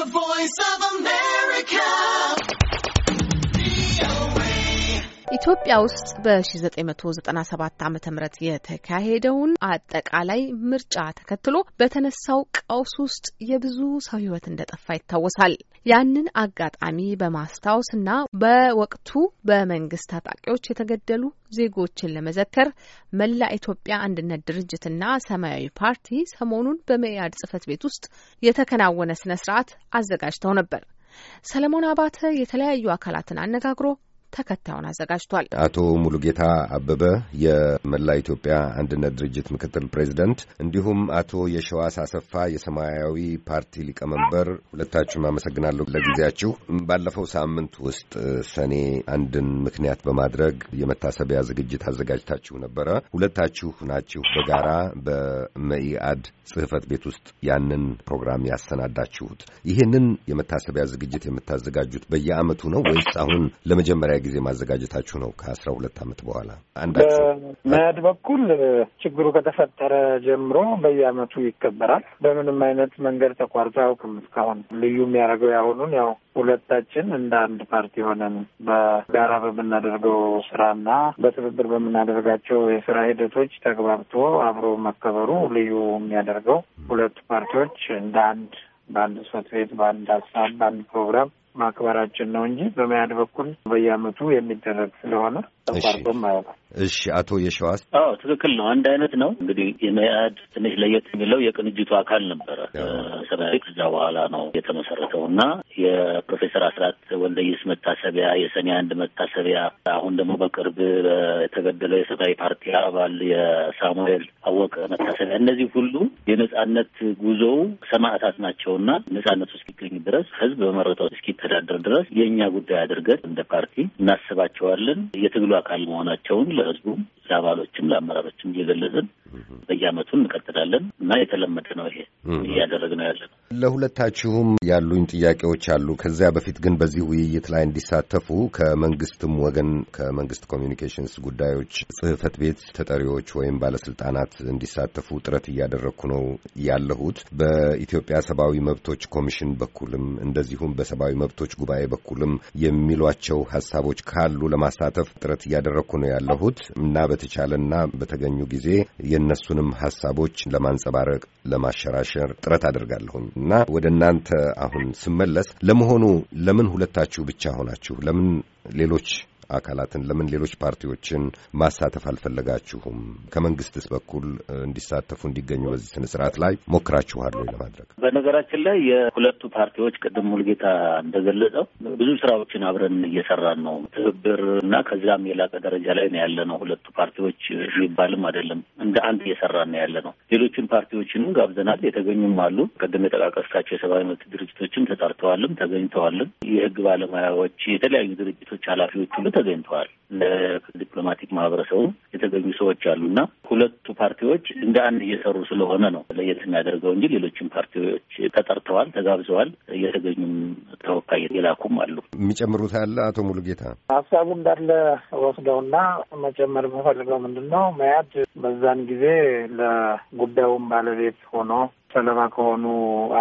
The Voice of a man. ኢትዮጵያ ውስጥ በ1997 ዓ.ም የተካሄደውን አጠቃላይ ምርጫ ተከትሎ በተነሳው ቀውስ ውስጥ የብዙ ሰው ሕይወት እንደጠፋ ይታወሳል። ያንን አጋጣሚ እና በወቅቱ በመንግስት ታጣቂዎች የተገደሉ ዜጎችን ለመዘከር መላ ኢትዮጵያ አንድነት ድርጅትና ሰማያዊ ፓርቲ ሰሞኑን በመኢአድ ጽህፈት ቤት ውስጥ የተከናወነ ስነ ስርዓት አዘጋጅተው ነበር። ሰለሞን አባተ የተለያዩ አካላትን አነጋግሮ ተከታዩን አዘጋጅቷል። አቶ ሙሉጌታ አበበ የመላ ኢትዮጵያ አንድነት ድርጅት ምክትል ፕሬዚደንት፣ እንዲሁም አቶ የሸዋስ አሰፋ የሰማያዊ ፓርቲ ሊቀመንበር፣ ሁለታችሁም አመሰግናለሁ ለጊዜያችሁ። ባለፈው ሳምንት ውስጥ ሰኔ አንድን ምክንያት በማድረግ የመታሰቢያ ዝግጅት አዘጋጅታችሁ ነበረ። ሁለታችሁ ናችሁ በጋራ በመኢአድ ጽህፈት ቤት ውስጥ ያንን ፕሮግራም ያሰናዳችሁት። ይህንን የመታሰቢያ ዝግጅት የምታዘጋጁት በየአመቱ ነው ወይስ አሁን ለመጀመሪያ ጊዜ ማዘጋጀታችሁ ነው ከአስራ ሁለት አመት በኋላ አንዳች በመያድ በኩል ችግሩ ከተፈጠረ ጀምሮ በየአመቱ ይከበራል። በምንም አይነት መንገድ ተቋርጦ አያውቅም። እስካሁን ልዩ የሚያደርገው ያሁኑን ያው ሁለታችን እንደ አንድ ፓርቲ ሆነን በጋራ በምናደርገው ስራና በትብብር በምናደርጋቸው የስራ ሂደቶች ተግባብቶ አብሮ መከበሩ ልዩ የሚያደርገው ሁለቱ ፓርቲዎች እንደ አንድ በአንድ ጽሕፈት ቤት፣ በአንድ ሀሳብ፣ በአንድ ፕሮግራም ማክበራችን ነው እንጂ በመያድ በኩል በየዓመቱ የሚደረግ ስለሆነ ተቋርጦም ማለት ነው። እሺ፣ አቶ የሸዋስ አዎ፣ ትክክል ነው። አንድ አይነት ነው እንግዲህ የመያድ ትንሽ ለየት የሚለው የቅንጅቱ አካል ነበረ ሰማያዊ ከዛ በኋላ ነው የተመሰረተው እና የፕሮፌሰር አስራት ወልደየስ መታሰቢያ የሰኔ አንድ መታሰቢያ አሁን ደግሞ በቅርብ የተገደለው የሰማያዊ ፓርቲ አባል የሳሙኤል አወቀ መታሰቢያ እነዚህ ሁሉ የነጻነት ጉዞው ሰማዕታት ናቸውና ነጻነቱ እስኪገኝ ድረስ ህዝብ በመረጠው እስኪ እስከምንተዳደር ድረስ የእኛ ጉዳይ አድርገን እንደ ፓርቲ እናስባቸዋለን። የትግሉ አካል መሆናቸውን ለህዝቡም፣ ለአባሎችም፣ ለአመራሮችም እየገለጽን በየአመቱ እንቀጥላለን እና የተለመደ ነው ይሄ ነው ያለ ነው። ለሁለታችሁም ያሉኝ ጥያቄዎች አሉ። ከዚያ በፊት ግን በዚህ ውይይት ላይ እንዲሳተፉ ከመንግስትም ወገን ከመንግስት ኮሚኒኬሽንስ ጉዳዮች ጽህፈት ቤት ተጠሪዎች ወይም ባለስልጣናት እንዲሳተፉ ጥረት እያደረግኩ ነው ያለሁት በኢትዮጵያ ሰብአዊ መብቶች ኮሚሽን በኩልም እንደዚሁም በሰብአዊ መብቶች ጉባኤ በኩልም የሚሏቸው ሀሳቦች ካሉ ለማሳተፍ ጥረት እያደረግኩ ነው ያለሁት እና በተቻለና በተገኙ ጊዜ የእነሱንም ሀሳቦች ለማንጸባረቅ ለማሸራሸር ጥረት አደርጋለሁኝ እና ወደ እናንተ አሁን ስመለስ ለመሆኑ ለምን ሁለታችሁ ብቻ ሆናችሁ ለምን ሌሎች አካላትን ለምን ሌሎች ፓርቲዎችን ማሳተፍ አልፈለጋችሁም? ከመንግስትስ በኩል እንዲሳተፉ እንዲገኙ በዚህ ስነ ስርዓት ላይ ሞክራችኋል ወይ ለማድረግ? በነገራችን ላይ የሁለቱ ፓርቲዎች ቅድም ሙልጌታ እንደገለጸው ብዙ ስራዎችን አብረን እየሰራን ነው። ትብብር እና ከዚያም የላቀ ደረጃ ላይ ነው ያለ ነው። ሁለቱ ፓርቲዎች የሚባልም አይደለም እንደ አንድ እየሰራን ነው ያለ ነው። ሌሎችን ፓርቲዎችንም ጋብዘናል። የተገኙም አሉ። ቅድም የጠቃቀስካቸው የሰብአዊ መብት ድርጅቶችም ተጠርተዋልም ተገኝተዋልም። የህግ ባለሙያዎች፣ የተለያዩ ድርጅቶች ኃላፊዎች ሁሉ ተገኝተዋል። ለዲፕሎማቲክ ማህበረሰቡ የተገኙ ሰዎች አሉ እና ሁለቱ ፓርቲዎች እንደ አንድ እየሰሩ ስለሆነ ነው ለየት የሚያደርገው እንጂ ሌሎችም ፓርቲዎች ተጠርተዋል፣ ተጋብዘዋል። እየተገኙም ተወካይ የላኩም አሉ። የሚጨምሩት አለ አቶ ሙሉጌታ ሀሳቡ እንዳለ ወስደውና መጨመር የምፈልገው ምንድን ነው መያድ በዛን ጊዜ ለጉዳዩም ባለቤት ሆኖ ሰለባ ከሆኑ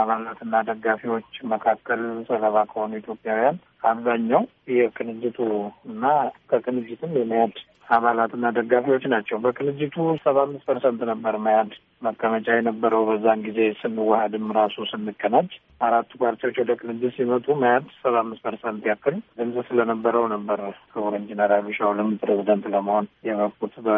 አባላትና ደጋፊዎች መካከል ሰለባ ከሆኑ ኢትዮጵያውያን አብዛኛው የቅንጅቱ እና ከቅንጅትም የመያድ አባላትና ደጋፊዎች ናቸው። በቅንጅቱ ሰባ አምስት ፐርሰንት ነበር መያድ መቀመጫ የነበረው። በዛን ጊዜ ስንዋሀድም ራሱ ስንቀናጅ አራቱ ፓርቲዎች ወደ ቅንጅት ሲመጡ መያድ ሰባ አምስት ፐርሰንት ያክል ድምፅ ስለነበረው ነበር ክቡር ኢንጂነር አቢሻውልም ፕሬዚደንት ለመሆን የበቁት በ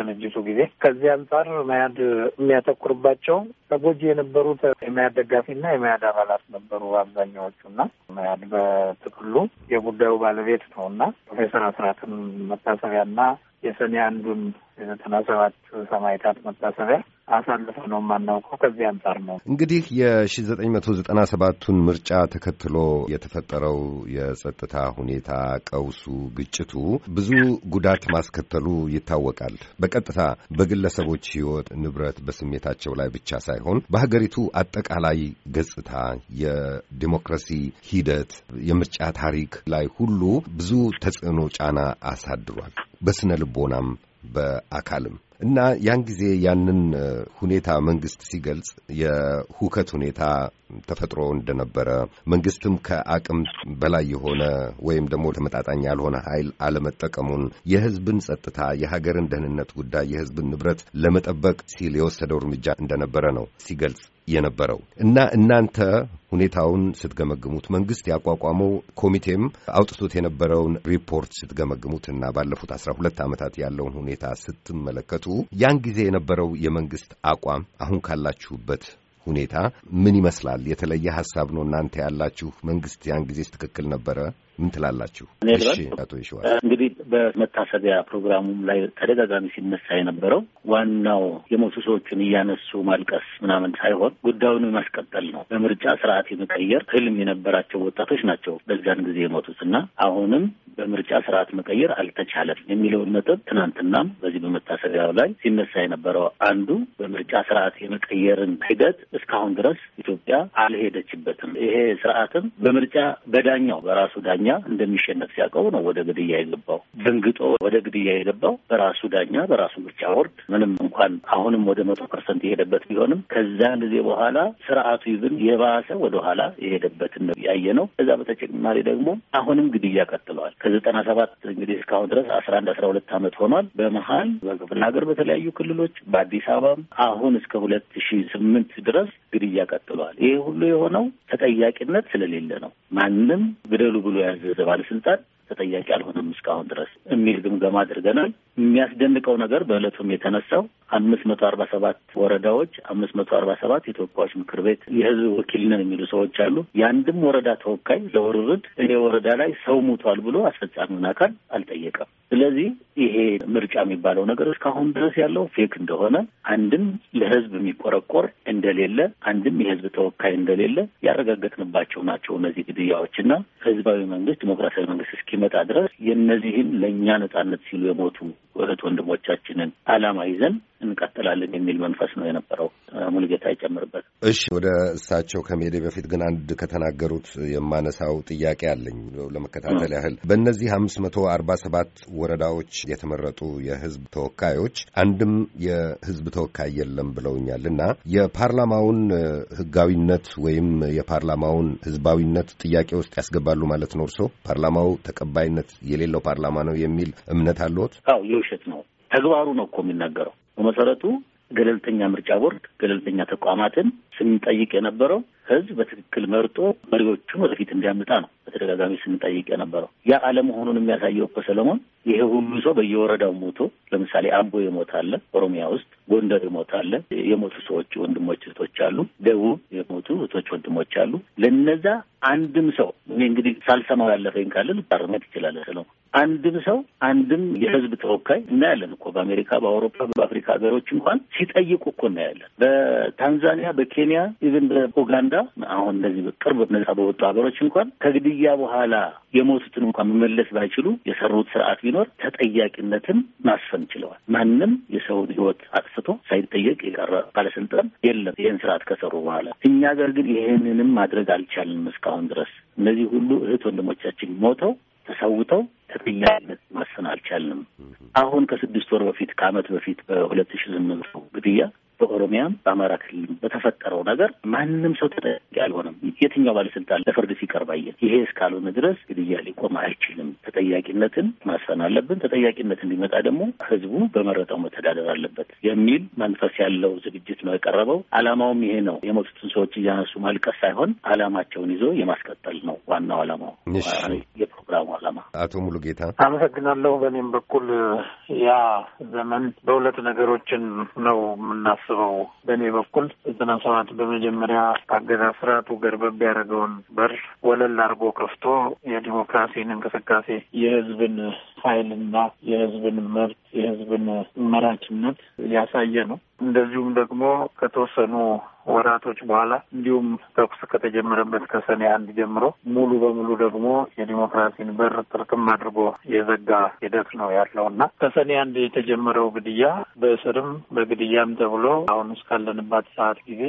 ቅንጅቱ ጊዜ ከዚህ አንጻር መያድ የሚያተኩርባቸው ተጎጂ የነበሩት የመያድ ደጋፊና የመያድ አባላት ነበሩ አብዛኛዎቹ እና መያድ በጥቅሉ የጉዳዩ ባለቤት ነው እና ፕሮፌሰር አስራትን መታሰቢያና የሰኔ አንዱን የዘጠና ሰባት ሰማዕታት መታሰቢያ አሳልፈ ነው የማናውቀው። ከዚህ አንጻር ነው እንግዲህ የሺ ዘጠኝ መቶ ዘጠና ሰባቱን ምርጫ ተከትሎ የተፈጠረው የጸጥታ ሁኔታ ቀውሱ፣ ግጭቱ ብዙ ጉዳት ማስከተሉ ይታወቃል። በቀጥታ በግለሰቦች ህይወት ንብረት፣ በስሜታቸው ላይ ብቻ ሳይሆን በሀገሪቱ አጠቃላይ ገጽታ፣ የዲሞክራሲ ሂደት፣ የምርጫ ታሪክ ላይ ሁሉ ብዙ ተጽዕኖ፣ ጫና አሳድሯል በስነ ልቦናም በአካልም እና ያን ጊዜ ያንን ሁኔታ መንግስት ሲገልጽ የሁከት ሁኔታ ተፈጥሮ እንደነበረ መንግስትም ከአቅም በላይ የሆነ ወይም ደግሞ ተመጣጣኝ ያልሆነ ኃይል አለመጠቀሙን የህዝብን ጸጥታ፣ የሀገርን ደህንነት ጉዳይ፣ የህዝብን ንብረት ለመጠበቅ ሲል የወሰደው እርምጃ እንደነበረ ነው ሲገልጽ የነበረው እና እናንተ ሁኔታውን ስትገመግሙት መንግስት ያቋቋመው ኮሚቴም አውጥቶት የነበረውን ሪፖርት ስትገመግሙት እና ባለፉት አስራ ሁለት ዓመታት ያለውን ሁኔታ ስትመለከቱ ያን ጊዜ የነበረው የመንግስት አቋም አሁን ካላችሁበት ሁኔታ ምን ይመስላል? የተለየ ሀሳብ ነው እናንተ ያላችሁ? መንግስት ያን ጊዜስ ትክክል ነበረ? ምን ትላላችሁ? አቶ ይሸዋል እንግዲህ በመታሰቢያ ፕሮግራሙም ላይ ተደጋጋሚ ሲነሳ የነበረው ዋናው የሞቱ ሰዎችን እያነሱ ማልቀስ ምናምን ሳይሆን ጉዳዩን ማስቀጠል ነው። በምርጫ ስርዓት የመቀየር ህልም የነበራቸው ወጣቶች ናቸው በዚያን ጊዜ የሞቱት እና አሁንም በምርጫ ስርዓት መቀየር አልተቻለም የሚለውን ነጥብ ትናንትናም በዚህ በመታሰቢያው ላይ ሲነሳ የነበረው አንዱ በምርጫ ስርዓት የመቀየርን ሂደት እስካሁን ድረስ ኢትዮጵያ አልሄደችበትም። ይሄ ስርዓትም በምርጫ በዳኛው በራሱ ዳኛ ዳኛ እንደሚሸነፍ ሲያውቀው ነው ወደ ግድያ የገባው። ደንግጦ ወደ ግድያ የገባው በራሱ ዳኛ በራሱ ምርጫ ቦርድ ምንም እንኳን አሁንም ወደ መቶ ፐርሰንት የሄደበት ቢሆንም ከዛን ጊዜ በኋላ ስርዓቱ ይብን የባሰ ወደኋላ የሄደበትን ነው ያየ ነው። ከዛ በተጨማሪ ደግሞ አሁንም ግድያ ቀጥለዋል። ከዘጠና ሰባት እንግዲህ እስካሁን ድረስ አስራ አንድ አስራ ሁለት ዓመት ሆኗል። በመሀል በክፍለ ሀገር በተለያዩ ክልሎች በአዲስ አበባም አሁን እስከ ሁለት ሺ ስምንት ድረስ ግድያ ቀጥለዋል። ይሄ ሁሉ የሆነው ተጠያቂነት ስለሌለ ነው። ማንም ግደሉ ብሎ ህዝብ ባለስልጣን ተጠያቂ አልሆነም እስካሁን ድረስ የሚል ግምገማ አድርገናል። የሚያስደንቀው ነገር በእለቱም የተነሳው አምስት መቶ አርባ ሰባት ወረዳዎች አምስት መቶ አርባ ሰባት የተወካዮች ምክር ቤት የህዝብ ወኪል ነን የሚሉ ሰዎች አሉ። የአንድም ወረዳ ተወካይ ለውርርድ እኔ ወረዳ ላይ ሰው ሙቷል ብሎ አስፈጻሚውን አካል አልጠየቀም። ስለዚህ ይሄ ምርጫ የሚባለው ነገር እስካሁን ድረስ ያለው ፌክ እንደሆነ አንድም ለህዝብ የሚቆረቆር እንደሌለ አንድም የህዝብ ተወካይ እንደሌለ ያረጋገጥንባቸው ናቸው እነዚህ ግድያዎች ህዝባዊ መንግስት ዲሞክራሲያዊ መንግስት እስኪ እስኪመጣ ድረስ የእነዚህን ለእኛ ነጻነት ሲሉ የሞቱ እህት ወንድሞቻችንን አላማ ይዘን እንቀጥላለን የሚል መንፈስ ነው የነበረው። ሙልጌታ ይጨምርበት። እሺ፣ ወደ እሳቸው ከመሄዴ በፊት ግን አንድ ከተናገሩት የማነሳው ጥያቄ አለኝ ለመከታተል ያህል በእነዚህ አምስት መቶ አርባ ሰባት ወረዳዎች የተመረጡ የህዝብ ተወካዮች አንድም የህዝብ ተወካይ የለም ብለውኛል እና የፓርላማውን ህጋዊነት ወይም የፓርላማውን ህዝባዊነት ጥያቄ ውስጥ ያስገባሉ ማለት ነው እርሶ ፓርላማው ተቀባይነት የሌለው ፓርላማ ነው የሚል እምነት አለዎት? አዎ የውሸት ነው። ተግባሩ ነው እኮ የሚናገረው በመሰረቱ ገለልተኛ ምርጫ ቦርድ፣ ገለልተኛ ተቋማትን ስንጠይቅ የነበረው ህዝብ በትክክል መርጦ መሪዎቹን ወደፊት እንዲያመጣ ነው በተደጋጋሚ ስንጠይቅ የነበረው። ያ አለመሆኑን የሚያሳየው እኮ ሰለሞን፣ ይሄ ሁሉ ሰው በየወረዳው ሞቶ፣ ለምሳሌ አምቦ የሞት አለ፣ ኦሮሚያ ውስጥ ጎንደር የሞት አለ። የሞቱ ሰዎች ወንድሞች እህቶች አሉ። ደቡብ የሞቱ እህቶች ወንድሞች አሉ። ለነዛ አንድም ሰው እኔ እንግዲህ ሳልሰማው ያለፈኝ ካለ ልታርመት ይችላለ ሰለሞን አንድም ሰው አንድም የህዝብ ተወካይ እናያለን እኮ በአሜሪካ፣ በአውሮፓ፣ በአፍሪካ ሀገሮች እንኳን ሲጠይቁ እኮ እናያለን። በታንዛኒያ፣ በኬንያ ኢቭን በኡጋንዳ አሁን እነዚህ ቅርብ ነጻ በወጡ ሀገሮች እንኳን ከግድያ በኋላ የሞቱትን እንኳን መመለስ ባይችሉ የሰሩት ስርዓት ቢኖር ተጠያቂነትን ማስፈን ችለዋል። ማንም የሰውን ህይወት አጥፍቶ ሳይጠየቅ የቀረ ባለስልጣን የለም ይህን ስርዓት ከሰሩ በኋላ። እኛ ሀገር ግን ይህንንም ማድረግ አልቻልንም እስካሁን ድረስ እነዚህ ሁሉ እህት ወንድሞቻችን ሞተው ተሰውተው ተገኛነት ማሰን አልቻልንም። አሁን ከስድስት ወር በፊት ከአመት በፊት በሁለት ሺ ስምንት ግድያ በኦሮሚያም በአማራ ክልል በተፈጠረው ነገር ማንም ሰው ተጠያቂ አልሆነም። የትኛው ባለስልጣን ለፍርድ ሲቀርብ አየን። ይሄ እስካልሆነ ድረስ ግድያ ሊቆም አይችልም። ተጠያቂነትን ማስፈን አለብን። ተጠያቂነት እንዲመጣ ደግሞ ህዝቡ በመረጠው መተዳደር አለበት የሚል መንፈስ ያለው ዝግጅት ነው የቀረበው። አላማውም ይሄ ነው። የሞቱትን ሰዎች እያነሱ ማልቀስ ሳይሆን አላማቸውን ይዞ የማስቀጠል ነው ዋናው አላማው፣ የፕሮግራሙ አላማ። አቶ ሙሉጌታ አመሰግናለሁ። በእኔም በኩል ያ ዘመን በሁለት ነገሮችን ነው ምናስ የማስበው በእኔ በኩል ዘጠና ሰባት በመጀመሪያ አገዛ ስርዓቱ ገርበብ ያደረገውን በር ወለል አድርጎ ከፍቶ የዲሞክራሲን እንቅስቃሴ የህዝብን ኃይልና የህዝብን መብት የህዝብን መራችነት ያሳየ ነው። እንደዚሁም ደግሞ ከተወሰኑ ወራቶች በኋላ እንዲሁም ተኩስ ከተጀመረበት ከሰኔ አንድ ጀምሮ ሙሉ በሙሉ ደግሞ የዲሞክራሲን በር ጥርቅም አድርጎ የዘጋ ሂደት ነው ያለው እና ከሰኔ አንድ የተጀመረው ግድያ በእስርም በግድያም ተብሎ አሁን እስካለንባት ሰዓት ጊዜ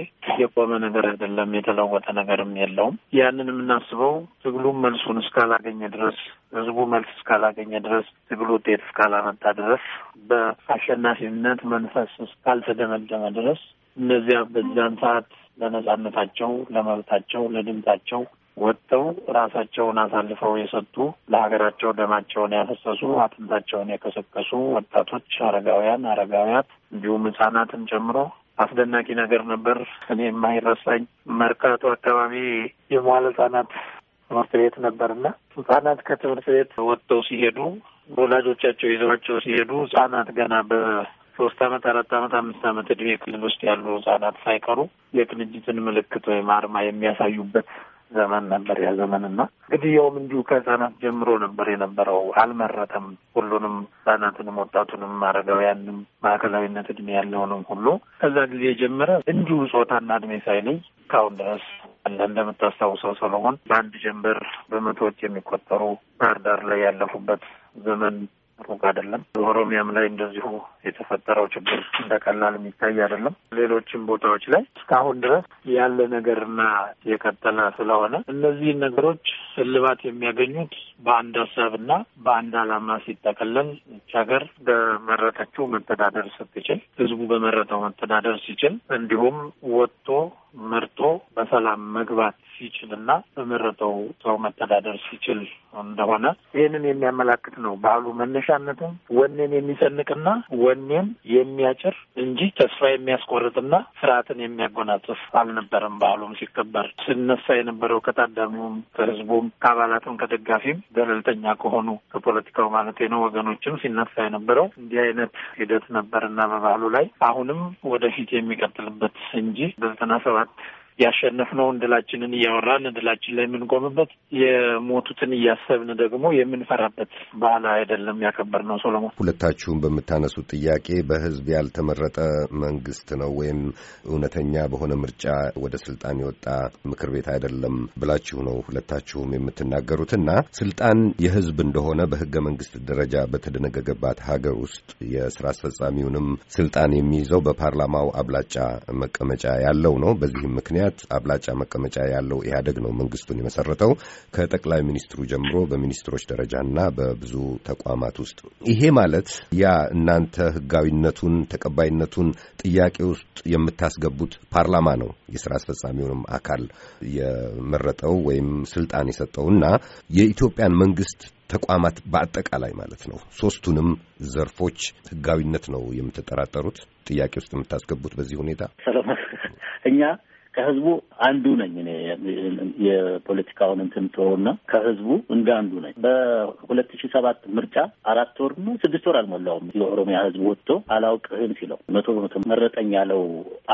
የቆመ ነገር አይደለም። የተለወጠ ነገርም የለውም። ያንን የምናስበው ትግሉም መልሱን እስካላገኘ ድረስ ህዝቡ መልስ እስካላገኘ ድረስ ትግል ውጤት እስካላመጣ ድረስ በአሸናፊነት መንፈስ እስካልተደመደመ ድረስ እነዚያ በዚያን ሰዓት ለነጻነታቸው፣ ለመብታቸው፣ ለድምጻቸው ወጥተው ራሳቸውን አሳልፈው የሰጡ ለሀገራቸው ደማቸውን ያፈሰሱ አጥንታቸውን የከሰከሱ ወጣቶች፣ አረጋውያን፣ አረጋውያት እንዲሁም ህጻናትን ጨምሮ አስደናቂ ነገር ነበር። እኔ የማይረሳኝ መርካቶ አካባቢ የመዋለ ህጻናት ትምህርት ቤት ነበርና ህጻናት ከትምህርት ቤት ወጥተው ሲሄዱ ወላጆቻቸው ይዘዋቸው ሲሄዱ ህጻናት ገና በሶስት አመት አራት አመት አምስት አመት እድሜ ክልል ውስጥ ያሉ ህጻናት ሳይቀሩ የቅንጅትን ምልክት ወይም አርማ የሚያሳዩበት ዘመን ነበር ያ ዘመንና ግድያውም እንዲሁ ከህጻናት ጀምሮ ነበር የነበረው። አልመረጠም። ሁሉንም ህጻናትንም፣ ወጣቱንም፣ አረጋውያንም ማዕከላዊነት እድሜ ያለውንም ሁሉ ከዛ ጊዜ ጀመረ እንዲሁ ጾታና እድሜ ሳይለይ እስካሁን ድረስ እንደምታስታውሰው ሰሎሞን በአንድ ጀንበር በመቶዎች የሚቆጠሩ ባህር ዳር ላይ ያለፉበት ዘመን ሩቅ አይደለም። በኦሮሚያም ላይ እንደዚሁ የተፈጠረው ችግር እንደ ቀላል የሚታይ አይደለም። ሌሎችም ቦታዎች ላይ እስካሁን ድረስ ያለ ነገርና የቀጠለ ስለሆነ እነዚህን ነገሮች እልባት የሚያገኙት በአንድ ሀሳብና በአንድ አላማ ሲጠቀለል ይች ሀገር በመረጠችው መተዳደር ስትችል፣ ህዝቡ በመረጠው መተዳደር ሲችል፣ እንዲሁም ወጥቶ መርጦ በሰላም መግባት ሲችል እና በመረጠው ሰው መተዳደር ሲችል እንደሆነ ይህንን የሚያመላክት ነው። ባህሉ መነሻነትም ወኔን የሚሰንቅና ወኔን የሚያጭር እንጂ ተስፋ የሚያስቆርጥና ስርዓትን የሚያጎናጽፍ አልነበረም። ባህሉም ሲከበር ሲነሳ የነበረው ከታዳሚውም፣ ከህዝቡም፣ ከአባላትም፣ ከደጋፊም ገለልተኛ ከሆኑ ከፖለቲካው ማለት ነው ወገኖችም ሲነሳ የነበረው እንዲህ አይነት ሂደት ነበርና በባህሉ ላይ አሁንም ወደፊት የሚቀጥልበት እንጂ በዘጠና ሰባት not ያሸነፍነው እንድላችንን እያወራን እንድላችን ላይ የምንቆምበት የሞቱትን እያሰብን ደግሞ የምንፈራበት ባህል አይደለም ያከበርነው። ሶሎሞን፣ ሁለታችሁም በምታነሱት ጥያቄ በህዝብ ያልተመረጠ መንግስት ነው ወይም እውነተኛ በሆነ ምርጫ ወደ ስልጣን የወጣ ምክር ቤት አይደለም ብላችሁ ነው ሁለታችሁም የምትናገሩት እና ስልጣን የህዝብ እንደሆነ በህገ መንግስት ደረጃ በተደነገገባት ሀገር ውስጥ የስራ አስፈጻሚውንም ስልጣን የሚይዘው በፓርላማው አብላጫ መቀመጫ ያለው ነው። በዚህም ምክንያት ምክንያት አብላጫ መቀመጫ ያለው ኢህአደግ ነው መንግስቱን የመሰረተው ከጠቅላይ ሚኒስትሩ ጀምሮ በሚኒስትሮች ደረጃና በብዙ ተቋማት ውስጥ። ይሄ ማለት ያ እናንተ ህጋዊነቱን ተቀባይነቱን ጥያቄ ውስጥ የምታስገቡት ፓርላማ ነው የስራ አስፈጻሚውንም አካል የመረጠው ወይም ስልጣን የሰጠውና የኢትዮጵያን መንግስት ተቋማት በአጠቃላይ ማለት ነው። ሶስቱንም ዘርፎች ህጋዊነት ነው የምትጠራጠሩት ጥያቄ ውስጥ የምታስገቡት በዚህ ሁኔታ ሰለሞን፣ እኛ ከህዝቡ አንዱ ነኝ እኔ የፖለቲካውን እንትን ትሆና ከህዝቡ እንደ አንዱ ነኝ። በሁለት ሺ ሰባት ምርጫ አራት ወር ስድስት ወር አልሞላውም የኦሮሚያ ህዝብ ወጥቶ አላውቅህም ሲለው መቶ በመቶ መረጠኝ ያለው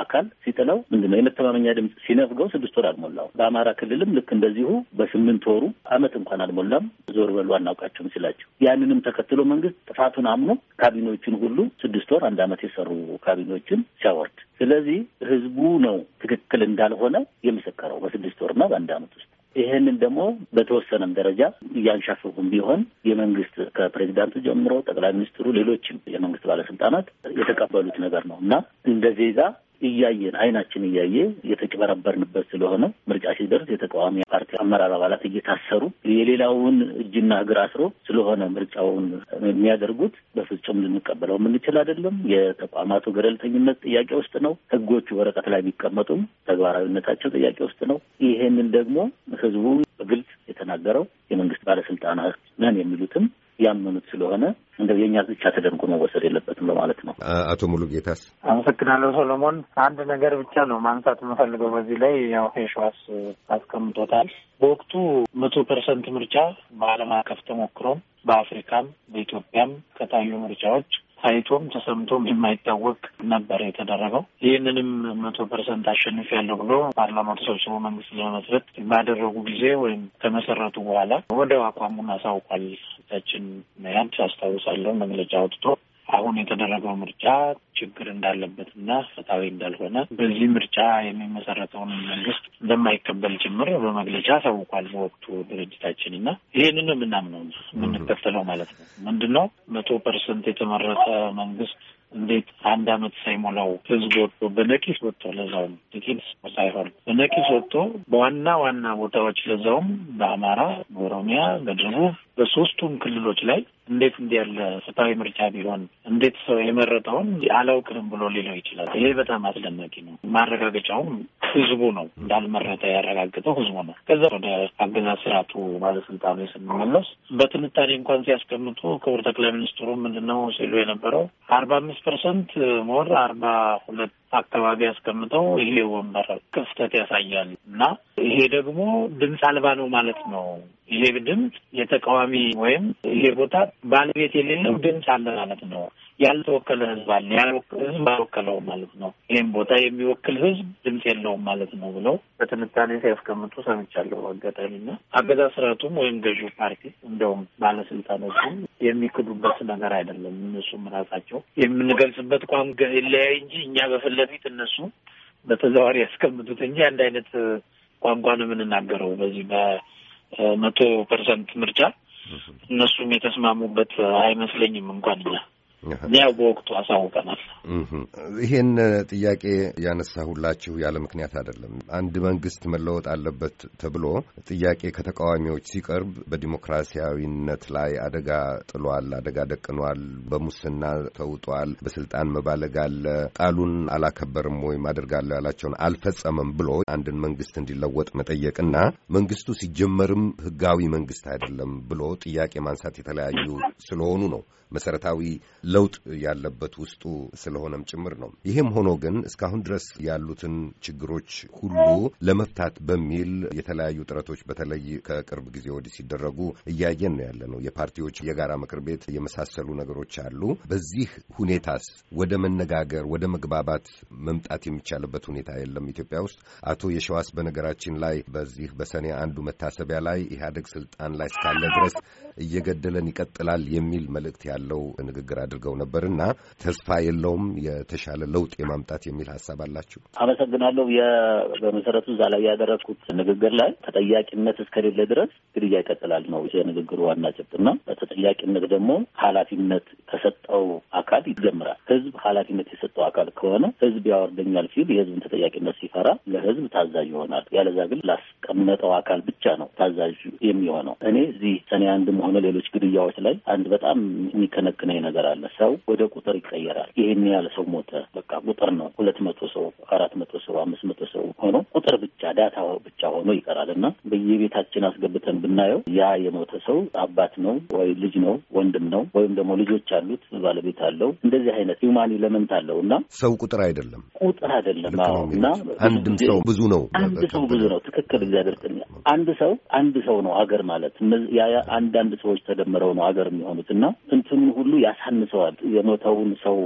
አካል ሲጥለው ምንድን ነው የመተማመኛ ድምፅ ሲነፍገው ስድስት ወር አልሞላውም። በአማራ ክልልም ልክ እንደዚሁ በስምንት ወሩ አመት እንኳን አልሞላም ዞር በሉ አናውቃቸውም ሲላቸው ያንንም ተከትሎ መንግስት ጥፋቱን አምኖ ካቢኖችን ሁሉ ስድስት ወር አንድ አመት የሰሩ ካቢኖችን ሲያወርድ ስለዚህ ህዝቡ ነው ትክክል እንዳልሆነ የመሰከረው በስድስት በስድስት ወርና በአንድ አመት ውስጥ ይህንን ደግሞ በተወሰነም ደረጃ እያንሻፈፉም ቢሆን የመንግስት ከፕሬዚዳንቱ ጀምሮ ጠቅላይ ሚኒስትሩ፣ ሌሎችም የመንግስት ባለስልጣናት የተቀበሉት ነገር ነው እና እንደ ዜጋ እያየን አይናችን እያየ የተጭበረበርንበት ስለሆነ ምርጫ ሲደርስ የተቃዋሚ ፓርቲ አመራር አባላት እየታሰሩ የሌላውን እጅና እግር አስሮ ስለሆነ ምርጫውን የሚያደርጉት በፍጹም ልንቀበለው የምንችል አይደለም። የተቋማቱ ገለልተኝነት ጥያቄ ውስጥ ነው። ህጎቹ ወረቀት ላይ ቢቀመጡም ተግባራዊነታቸው ጥያቄ ውስጥ ነው። ይሄንን ደግሞ ህዝቡ በግልጽ የተናገረው የመንግስት ባለስልጣናት ነን የሚሉትም ያመኑት ስለሆነ እንደው የእኛ ብቻ ተደርጎ መወሰድ የለበትም በማለት ነው። አቶ ጌታስ? አመሰግናለሁ። ሶሎሞን፣ አንድ ነገር ብቻ ነው ማንሳት የምፈልገው በዚህ ላይ ያው ሄሸዋስ አስቀምጦታል። በወቅቱ መቶ ፐርሰንት ምርጫ በዓለም አቀፍ ተሞክሮም በአፍሪካም በኢትዮጵያም ከታዩ ምርጫዎች ታይቶም ተሰምቶም የማይታወቅ ነበር የተደረገው። ይህንንም መቶ ፐርሰንት አሸንፍ ያለው ብሎ ፓርላማው ተሰብስቦ መንግስት ለመመስረት ባደረጉ ጊዜ ወይም ከመሰረቱ በኋላ ወደ አቋሙን አሳውቋል። ታችን መያድ አስታውሳለሁ መግለጫ አውጥቶ አሁን የተደረገው ምርጫ ችግር እንዳለበት እና ፍትሐዊ እንዳልሆነ በዚህ ምርጫ የሚመሰረተውን መንግስት እንደማይቀበል ጭምር በመግለጫ ታውቋል። በወቅቱ ድርጅታችን እና ይህንን የምናምነው የምንከተለው ማለት ነው። ምንድን ነው መቶ ፐርሰንት የተመረጠ መንግስት እንዴት አንድ አመት ሳይሞላው ህዝብ ወጥቶ በነቂስ ወጥቶ ለዛውም ጥቂት ሳይሆን በነቂስ ወጥቶ በዋና ዋና ቦታዎች ለዛውም በአማራ፣ በኦሮሚያ፣ በደቡብ በሶስቱም ክልሎች ላይ እንዴት እንዲህ ያለ ስፓዊ ምርጫ ቢሆን እንዴት ሰው የመረጠውን አላውቅንም ብሎ ሊለው ይችላል? ይሄ በጣም አስደናቂ ነው። ማረጋገጫውም ህዝቡ ነው። እንዳልመረጠ ያረጋግጠው ህዝቡ ነው። ከዛ ወደ አገዛዝ ስርዓቱ ባለስልጣኑ ስንመለስ በትንታኔ እንኳን ሲያስቀምጡ ክቡር ጠቅላይ ሚኒስትሩ ምንድነው ሲሉ የነበረው አርባ አምስት ፐርሰንት ሞር አርባ ሁለት አካባቢ አስቀምጠው ይሄ ወንበር ክፍተት ያሳያል እና ይሄ ደግሞ ድምፅ አልባ ነው ማለት ነው። ይሄ ድምፅ የተቃዋሚ ወይም ይሄ ቦታ ባለቤት የሌለው ድምፅ አለ ማለት ነው። ያልተወከለ ህዝብ አለ። ህዝብ አልወከለው ማለት ነው። ይህም ቦታ የሚወክል ህዝብ ድምፅ የለውም ማለት ነው ብለው በትንታኔ ሲያስቀምጡ ሰምቻለሁ። አጋጣሚና አገዛዝ ስርዓቱም ወይም ገዢው ፓርቲ እንደውም ባለስልጣኖቹም የሚክዱበት ነገር አይደለም። እነሱም ራሳቸው የምንገልጽበት ቋም ይለያይ እንጂ እኛ በፊት ለፊት እነሱ በተዘዋዋሪ ያስቀምጡት እንጂ አንድ አይነት ቋንቋ ነው የምንናገረው በዚህ በመቶ ፐርሰንት ምርጫ እነሱም የተስማሙበት አይመስለኝም እንኳን እኛ ያው በወቅቱ አሳውቀናል። ይሄን ጥያቄ ያነሳሁላችሁ ያለ ምክንያት አይደለም። አንድ መንግስት መለወጥ አለበት ተብሎ ጥያቄ ከተቃዋሚዎች ሲቀርብ በዲሞክራሲያዊነት ላይ አደጋ ጥሏል፣ አደጋ ደቅኗል፣ በሙስና ተውጧል፣ በስልጣን መባለግ አለ፣ ቃሉን አላከበርም ወይም አድርጋለሁ ያላቸውን አልፈጸመም ብሎ አንድን መንግስት እንዲለወጥ መጠየቅና መንግስቱ ሲጀመርም ህጋዊ መንግስት አይደለም ብሎ ጥያቄ ማንሳት የተለያዩ ስለሆኑ ነው መሰረታዊ ለውጥ ያለበት ውስጡ ስለሆነም ጭምር ነው። ይህም ሆኖ ግን እስካሁን ድረስ ያሉትን ችግሮች ሁሉ ለመፍታት በሚል የተለያዩ ጥረቶች በተለይ ከቅርብ ጊዜ ወዲህ ሲደረጉ እያየን ነው ያለ ነው። የፓርቲዎች የጋራ ምክር ቤት የመሳሰሉ ነገሮች አሉ። በዚህ ሁኔታስ ወደ መነጋገር ወደ መግባባት መምጣት የሚቻልበት ሁኔታ የለም ኢትዮጵያ ውስጥ። አቶ የሸዋስ በነገራችን ላይ በዚህ በሰኔ አንዱ መታሰቢያ ላይ ኢህአዴግ ስልጣን ላይ እስካለ ድረስ እየገደለን ይቀጥላል የሚል መልእክት ያለው ንግግር አድርገው ነበርና ተስፋ የለውም የተሻለ ለውጥ የማምጣት የሚል ሀሳብ አላችሁ? አመሰግናለሁ። በመሰረቱ እዛ ላይ ያደረግኩት ንግግር ላይ ተጠያቂነት እስከሌለ ድረስ ግድያ ይቀጥላል ነው የንግግሩ ዋና ጭብጥና ተጠያቂነት ደግሞ ኃላፊነት ከሰጠው አካል ይጀምራል። ህዝብ ኃላፊነት የሰጠው አካል ከሆነ ህዝብ ያወርደኛል ሲል የህዝብን ተጠያቂነት ሲፈራ ለህዝብ ታዛዥ ይሆናል። ያለዛ ግን ላስቀመጠው አካል ብቻ ነው ታዛዥ የሚሆነው። እኔ እዚህ ሰኔ አንድ ሆነ ሌሎች ግድያዎች ላይ አንድ በጣም የሚከነክነኝ ነገር አለ። ሰው ወደ ቁጥር ይቀየራል። ይህን ያለ ሰው ሞተ፣ በቃ ቁጥር ነው። ሁለት መቶ ሰው፣ አራት መቶ ሰው፣ አምስት መቶ ሰው ሆኖ ቁጥር ብቻ ዳታ ብቻ ሆኖ ይቀራል እና በየቤታችን አስገብተን ብናየው ያ የሞተ ሰው አባት ነው ወይ ልጅ ነው ወንድም ነው ወይም ደግሞ ልጆች አሉት ባለቤት አለው እንደዚህ አይነት ሂውማን ኤለመንት አለው እና ሰው ቁጥር አይደለም ቁጥር አይደለም እና አንድም ሰው ብዙ ነው አንድ ሰው ብዙ ነው ትክክል እግዚአብሔር አንድ ሰው አንድ ሰው ነው ሀገር ማለት አንዳንድ ሰዎች ተደምረው ነው አገር የሚሆኑት እና እንትኑን ሁሉ ያሳንሰዋል የሞተውን ሰው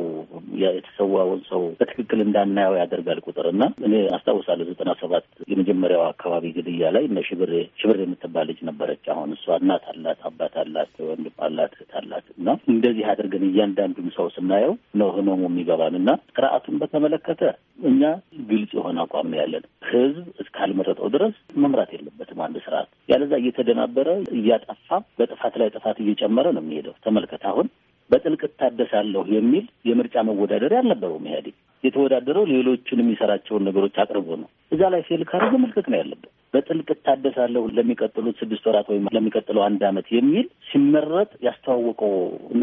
የተሰዋውን ሰው በትክክል እንዳናየው ያደርጋል ቁጥር እና እኔ አስታውሳለሁ ዘጠና ሰባት የመጀመሪያው አካባቢ አካባቢ ግድያ ላይ እነ ሽብሬ ሽብሬ የምትባል ልጅ ነበረች። አሁን እሷ እናት አላት፣ አባት አላት፣ ወንድም አላት፣ እህት አላት እና እንደዚህ አድርገን እያንዳንዱን ሰው ስናየው ነው ህመሙ የሚገባን እና ስርዓቱን በተመለከተ እኛ ግልጽ የሆነ አቋም ያለን ህዝብ እስካልመረጠው ድረስ መምራት የለበትም አንድ ስርዓት። ያለዛ እየተደናበረ እያጠፋ በጥፋት ላይ ጥፋት እየጨመረ ነው የሚሄደው። ተመልከት አሁን በጥልቅ እታደሳለሁ የሚል የምርጫ መወዳደሪያ አልነበረውም ኢህአዴግ። የተወዳደረው ሌሎቹን የሚሰራቸውን ነገሮች አቅርቦ ነው። እዛ ላይ ፌል ካረገ መልቀቅ ነው ያለበት። በጥልቅ እታደሳለሁ ለሚቀጥሉት ስድስት ወራት ወይም ለሚቀጥለው አንድ ዓመት የሚል ሲመረጥ ያስተዋወቀው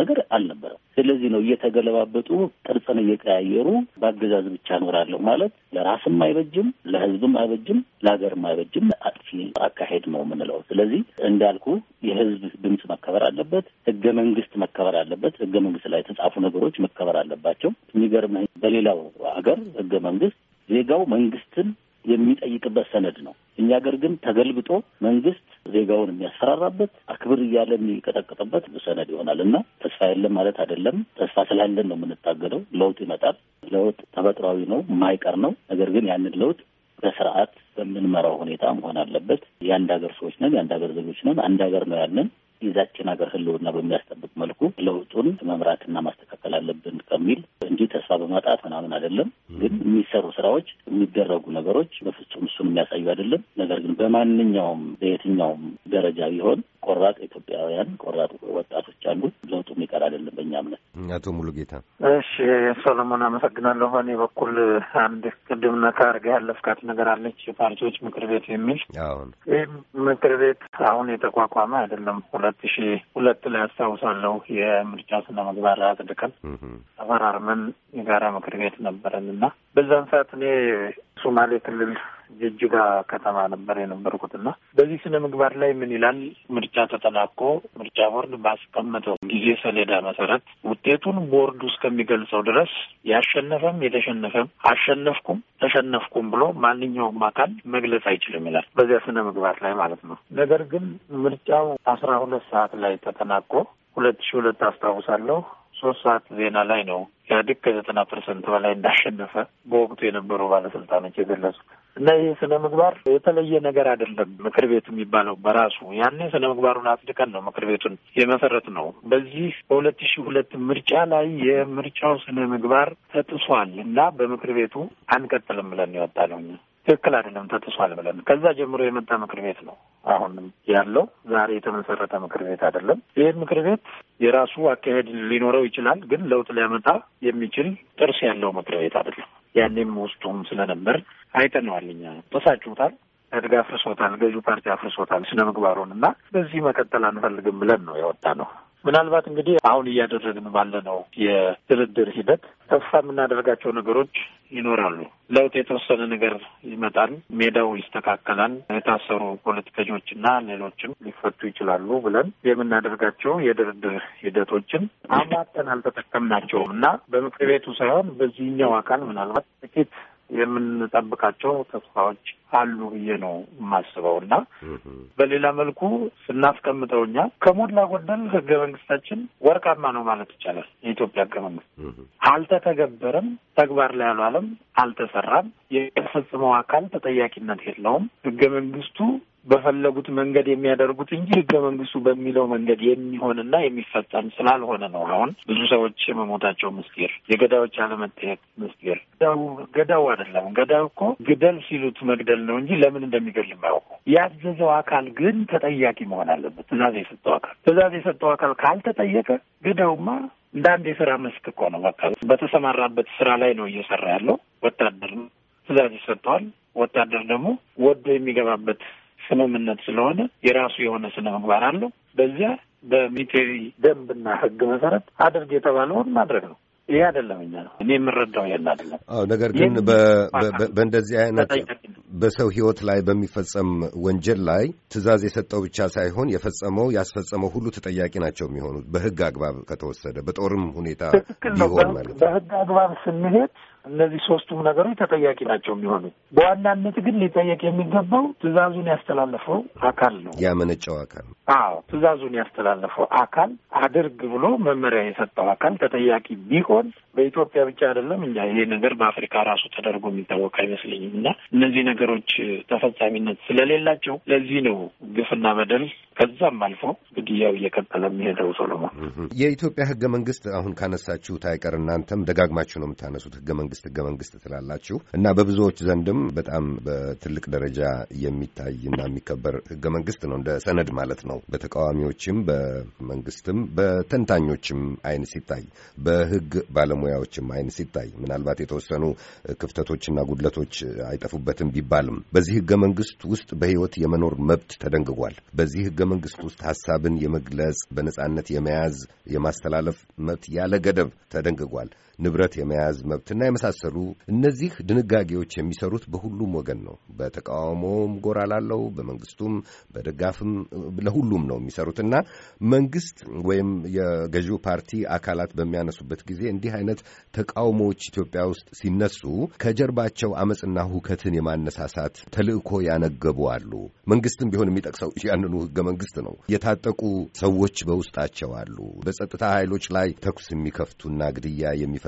ነገር አልነበረም። ስለዚህ ነው እየተገለባበጡ ቅርጽን እየቀያየሩ በአገዛዝ ብቻ እኖራለሁ ማለት ለራስም አይበጅም፣ ለህዝብም አይበጅም፣ ለሀገርም አይበጅም። አጥፊ አካሄድ ነው የምንለው። ስለዚህ እንዳልኩ የህዝብ ድምፅ መከበር አለበት። ህገ መንግስት መከበር አለበት። ህገ መንግስት ላይ የተጻፉ ነገሮች መከበር አለባቸው። የሚገርምህ በሌላው ሀገር ህገ መንግስት ዜጋው መንግስትን የሚጠይቅበት ሰነድ ነው። እኛ ሀገር ግን ተገልብጦ መንግስት ዜጋውን የሚያስፈራራበት አክብር እያለ የሚቀጠቀጥበት ሰነድ ይሆናል እና ተስፋ የለም ማለት አይደለም። ተስፋ ስላለን ነው የምንታገለው። ለውጥ ይመጣል። ለውጥ ተፈጥሯዊ ነው፣ የማይቀር ነው። ነገር ግን ያንን ለውጥ በስርዓት በምንመራው ሁኔታ መሆን አለበት። የአንድ ሀገር ሰዎች ነን፣ የአንድ ሀገር ዜጎች ነን። አንድ ሀገር ነው ያለን። ይዛችን ሀገር ህልውና በሚያስጠብቅ መልኩ ለውጡን መምራትና ማስተካከል አለብን ከሚል እንጂ ተስፋ በማጣት ምናምን አይደለም። ግን የሚሰሩ ስራዎች፣ የሚደረጉ ነገሮች በፍጹም እሱን የሚያሳዩ አይደለም። ነገር ግን በማንኛውም በየትኛውም ደረጃ ቢሆን ቆራጥ ኢትዮጵያውያን ቆራጥ ወጣቶች አሉ። ለውጡ የሚቀር አይደለም በእኛ እምነት። አቶ ሙሉጌታ። እሺ ሶሎሞን አመሰግናለሁ። በእኔ በኩል አንድ ቅድም ነካ አድርገህ ያለፍካት ነገር አለች፣ የፓርቲዎች ምክር ቤት የሚል አሁን ይህ ምክር ቤት አሁን የተቋቋመ አይደለም። ሁለት ሺ ሁለት ላይ አስታውሳለሁ የምርጫ ስነ ምግባር አጽድቀን ተፈራርመን የጋራ ምክር ቤት ነበረን እና በዛን ሰዓት እኔ ሶማሌ ክልል ጅጅጋ ከተማ ነበር የነበርኩት እና በዚህ ስነ ምግባር ላይ ምን ይላል? ምርጫ ተጠናቆ ምርጫ ቦርድ ባስቀመጠው ጊዜ ሰሌዳ መሰረት ውጤቱን ቦርዱ እስከሚገልጸው ድረስ ያሸነፈም የተሸነፈም አሸነፍኩም ተሸነፍኩም ብሎ ማንኛውም አካል መግለጽ አይችልም ይላል። በዚያ ስነ ምግባር ላይ ማለት ነው። ነገር ግን ምርጫው አስራ ሁለት ሰዓት ላይ ተጠናቆ ሁለት ሺ ሁለት አስታውሳለሁ ሶስት ሰዓት ዜና ላይ ነው ኢህአዴግ ከዘጠና ፐርሰንት በላይ እንዳሸነፈ በወቅቱ የነበሩ ባለስልጣኖች የገለጹት። እና ይህ ስነ ምግባር የተለየ ነገር አይደለም። ምክር ቤት የሚባለው በራሱ ያኔ ስነ ምግባሩን አጽድቀን ነው ምክር ቤቱን የመሰረት ነው። በዚህ በሁለት ሺ ሁለት ምርጫ ላይ የምርጫው ስነ ምግባር ተጥሷል እና በምክር ቤቱ አንቀጥልም ብለን የወጣ ነው። ትክክል አይደለም ተጥሷል ብለን ከዛ ጀምሮ የመጣ ምክር ቤት ነው አሁንም ያለው። ዛሬ የተመሰረተ ምክር ቤት አይደለም። ይህን ምክር ቤት የራሱ አካሄድ ሊኖረው ይችላል፣ ግን ለውጥ ሊያመጣ የሚችል ጥርስ ያለው ምክር ቤት አይደለም። ያኔም ውስጡም ስለነበር አይተነዋል። እኛ ጥሳችሁታል፣ እድጋ አፍርሶታል፣ ገዢ ፓርቲ አፍርሶታል ስነ ምግባሩን እና በዚህ መቀጠል አንፈልግም ብለን ነው የወጣ ነው። ምናልባት እንግዲህ አሁን እያደረግን ባለነው የድርድር ሂደት ተስፋ የምናደርጋቸው ነገሮች ይኖራሉ። ለውጥ የተወሰነ ነገር ይመጣል፣ ሜዳው ይስተካከላል፣ የታሰሩ ፖለቲከኞች እና ሌሎችም ሊፈቱ ይችላሉ ብለን የምናደርጋቸው የድርድር ሂደቶችን አሟጠን አልተጠቀምናቸውም እና በምክር ቤቱ ሳይሆን በዚህኛው አካል ምናልባት ጥቂት የምንጠብቃቸው ተስፋዎች አሉ ብዬ ነው የማስበው እና በሌላ መልኩ ስናስቀምጠው እኛ ከሞላ ጎደል ህገ መንግስታችን ወርቃማ ነው ማለት ይቻላል። የኢትዮጵያ ህገ መንግስት አልተተገበረም፣ ተግባር ላይ አልዋለም፣ አልተሰራም፣ የሚፈጽመው አካል ተጠያቂነት የለውም። ህገ መንግስቱ በፈለጉት መንገድ የሚያደርጉት እንጂ ህገ መንግስቱ በሚለው መንገድ የሚሆንና የሚፈጸም ስላልሆነ ነው። አሁን ብዙ ሰዎች የመሞታቸው ምስጢር፣ የገዳዮች አለመጠየቅ ምስጢር። ገዳው ገዳው አይደለም። ገዳው እኮ ግደል ሲሉት መግደል ነው እንጂ ለምን እንደሚገድል የማያውቁ። ያዘዘው አካል ግን ተጠያቂ መሆን አለበት። ትእዛዝ የሰጠው አካል ትእዛዝ የሰጠው አካል ካልተጠየቀ ገዳውማ እንደ አንድ የስራ መስክ እኮ ነው። በቃ በተሰማራበት ስራ ላይ ነው እየሰራ ያለው። ወታደር ትእዛዝ ይሰጠዋል። ወታደር ደግሞ ወዶ የሚገባበት ስምምነት ስለሆነ የራሱ የሆነ ስነ ምግባር አለው። በዚያ በሚቴሪ ደንብና ህግ መሰረት አድርግ የተባለውን ማድረግ ነው። ይሄ አይደለም እኛ ነው እኔ የምረዳው ይሄን አይደለም። አዎ ነገር ግን በእንደዚህ አይነት በሰው ህይወት ላይ በሚፈጸም ወንጀል ላይ ትዕዛዝ የሰጠው ብቻ ሳይሆን የፈጸመው ያስፈጸመው ሁሉ ተጠያቂ ናቸው የሚሆኑት በህግ አግባብ ከተወሰደ በጦርም ሁኔታ ቢሆን ማለት ነው። በህግ አግባብ ስንሄድ እነዚህ ሶስቱም ነገሮች ተጠያቂ ናቸው የሚሆኑ። በዋናነት ግን ሊጠየቅ የሚገባው ትዕዛዙን ያስተላለፈው አካል ነው፣ ያመነጨው አካል። አዎ ትዕዛዙን ያስተላለፈው አካል አድርግ ብሎ መመሪያ የሰጠው አካል ተጠያቂ ቢሆን በኢትዮጵያ ብቻ አይደለም እኛ ይሄ ነገር በአፍሪካ ራሱ ተደርጎ የሚታወቅ አይመስለኝም። እና እነዚህ ነገሮች ተፈጻሚነት ስለሌላቸው ለዚህ ነው ግፍና በደል ከዛም አልፎ ግድያው እየቀጠለ የሚሄደው። ሰሎሞን የኢትዮጵያ ህገ መንግስት አሁን ካነሳችሁት አይቀር እናንተም ደጋግማችሁ ነው የምታነሱት ህገ መንግስት መንግስት ህገ መንግስት ትላላችሁ እና በብዙዎች ዘንድም በጣም በትልቅ ደረጃ የሚታይና የሚከበር ህገ መንግስት ነው እንደ ሰነድ ማለት ነው። በተቃዋሚዎችም በመንግስትም በተንታኞችም አይን ሲታይ፣ በህግ ባለሙያዎችም አይን ሲታይ ምናልባት የተወሰኑ ክፍተቶችና ጉድለቶች አይጠፉበትም ቢባልም በዚህ ህገ መንግስት ውስጥ በህይወት የመኖር መብት ተደንግጓል። በዚህ ህገ መንግስት ውስጥ ሀሳብን የመግለጽ በነጻነት የመያዝ የማስተላለፍ መብት ያለ ገደብ ተደንግጓል። ንብረት የመያዝ መብትና የመሳሰሉ እነዚህ ድንጋጌዎች የሚሰሩት በሁሉም ወገን ነው። በተቃውሞም ጎራ ላለው በመንግስቱም በደጋፍም ለሁሉም ነው የሚሰሩትና መንግስት ወይም የገዢው ፓርቲ አካላት በሚያነሱበት ጊዜ እንዲህ አይነት ተቃውሞዎች ኢትዮጵያ ውስጥ ሲነሱ ከጀርባቸው አመፅና ሁከትን የማነሳሳት ተልዕኮ ያነገቡ አሉ። መንግስትም ቢሆን የሚጠቅሰው ያንኑ ህገ መንግስት ነው። የታጠቁ ሰዎች በውስጣቸው አሉ። በጸጥታ ኃይሎች ላይ ተኩስ የሚከፍቱና ግድያ የሚፈ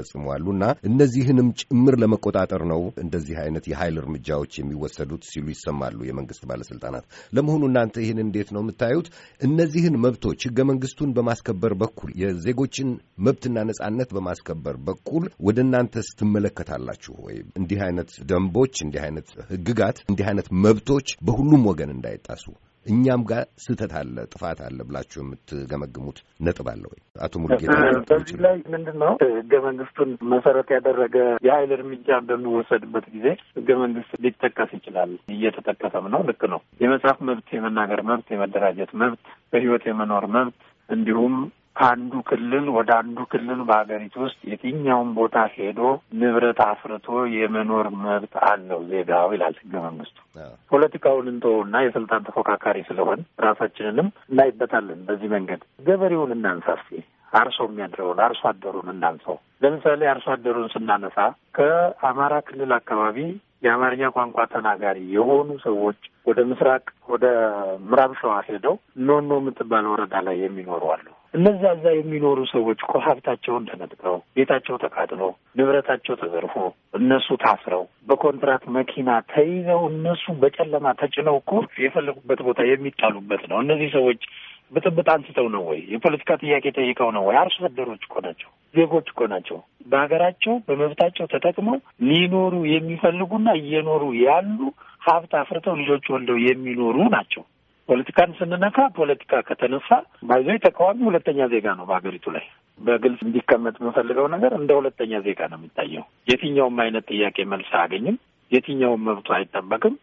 እና እነዚህንም ጭምር ለመቆጣጠር ነው እንደዚህ አይነት የኃይል እርምጃዎች የሚወሰዱት ሲሉ ይሰማሉ የመንግስት ባለስልጣናት። ለመሆኑ እናንተ ይህን እንዴት ነው የምታዩት? እነዚህን መብቶች ህገ መንግስቱን በማስከበር በኩል የዜጎችን መብትና ነጻነት በማስከበር በኩል ወደ እናንተ ስትመለከታላችሁ ወይ እንዲህ አይነት ደንቦች፣ እንዲህ አይነት ህግጋት፣ እንዲህ አይነት መብቶች በሁሉም ወገን እንዳይጣሱ እኛም ጋር ስህተት አለ፣ ጥፋት አለ ብላችሁ የምትገመግሙት ነጥብ አለ ወይ? አቶ ሙሉጌታ በዚህ ላይ ምንድን ነው ህገ መንግስቱን መሰረት ያደረገ የሀይል እርምጃ በሚወሰድበት ጊዜ ህገ መንግስት ሊጠቀስ ይችላል። እየተጠቀሰም ነው። ልክ ነው። የመጽሐፍ መብት፣ የመናገር መብት፣ የመደራጀት መብት፣ በህይወት የመኖር መብት እንዲሁም ከአንዱ ክልል ወደ አንዱ ክልል በሀገሪቱ ውስጥ የትኛውን ቦታ ሄዶ ንብረት አፍርቶ የመኖር መብት አለው ዜጋው ይላል ህገ መንግስቱ። ፖለቲካውን እና የስልጣን ተፎካካሪ ስለሆን ራሳችንንም እናይበታለን። በዚህ መንገድ ገበሬውን እናንሳስ፣ አርሶ የሚያድረውን አርሶ አደሩን እናንሳው። ለምሳሌ አርሶ አደሩን ስናነሳ ከአማራ ክልል አካባቢ የአማርኛ ቋንቋ ተናጋሪ የሆኑ ሰዎች ወደ ምስራቅ ወደ ምዕራብ ሸዋ ሄደው ኖኖ የምትባል ወረዳ ላይ የሚኖሩ አሉ። እነዛ እዛ የሚኖሩ ሰዎች እኮ ሀብታቸውን ተነጥቀው ቤታቸው ተቃጥሎ ንብረታቸው ተዘርፎ እነሱ ታስረው በኮንትራት መኪና ተይዘው እነሱ በጨለማ ተጭነው እኮ የፈለጉበት ቦታ የሚጣሉበት ነው። እነዚህ ሰዎች ብጥብጥ አንስተው ነው ወይ? የፖለቲካ ጥያቄ ጠይቀው ነው ወይ? አርሶ አደሮች እኮ ናቸው፣ ዜጎች እኮ ናቸው። በሀገራቸው በመብታቸው ተጠቅመው ሊኖሩ የሚፈልጉና እየኖሩ ያሉ ሀብት አፍርተው ልጆች ወልደው የሚኖሩ ናቸው። ፖለቲካን ስንነካ ፖለቲካ ከተነሳ ባይዘይ ተቃዋሚ ሁለተኛ ዜጋ ነው በሀገሪቱ ላይ በግልጽ እንዲቀመጥ የምፈልገው ነገር እንደ ሁለተኛ ዜጋ ነው የሚታየው። የትኛውም አይነት ጥያቄ መልስ አያገኝም። የትኛውም መብቱ አይጠበቅም።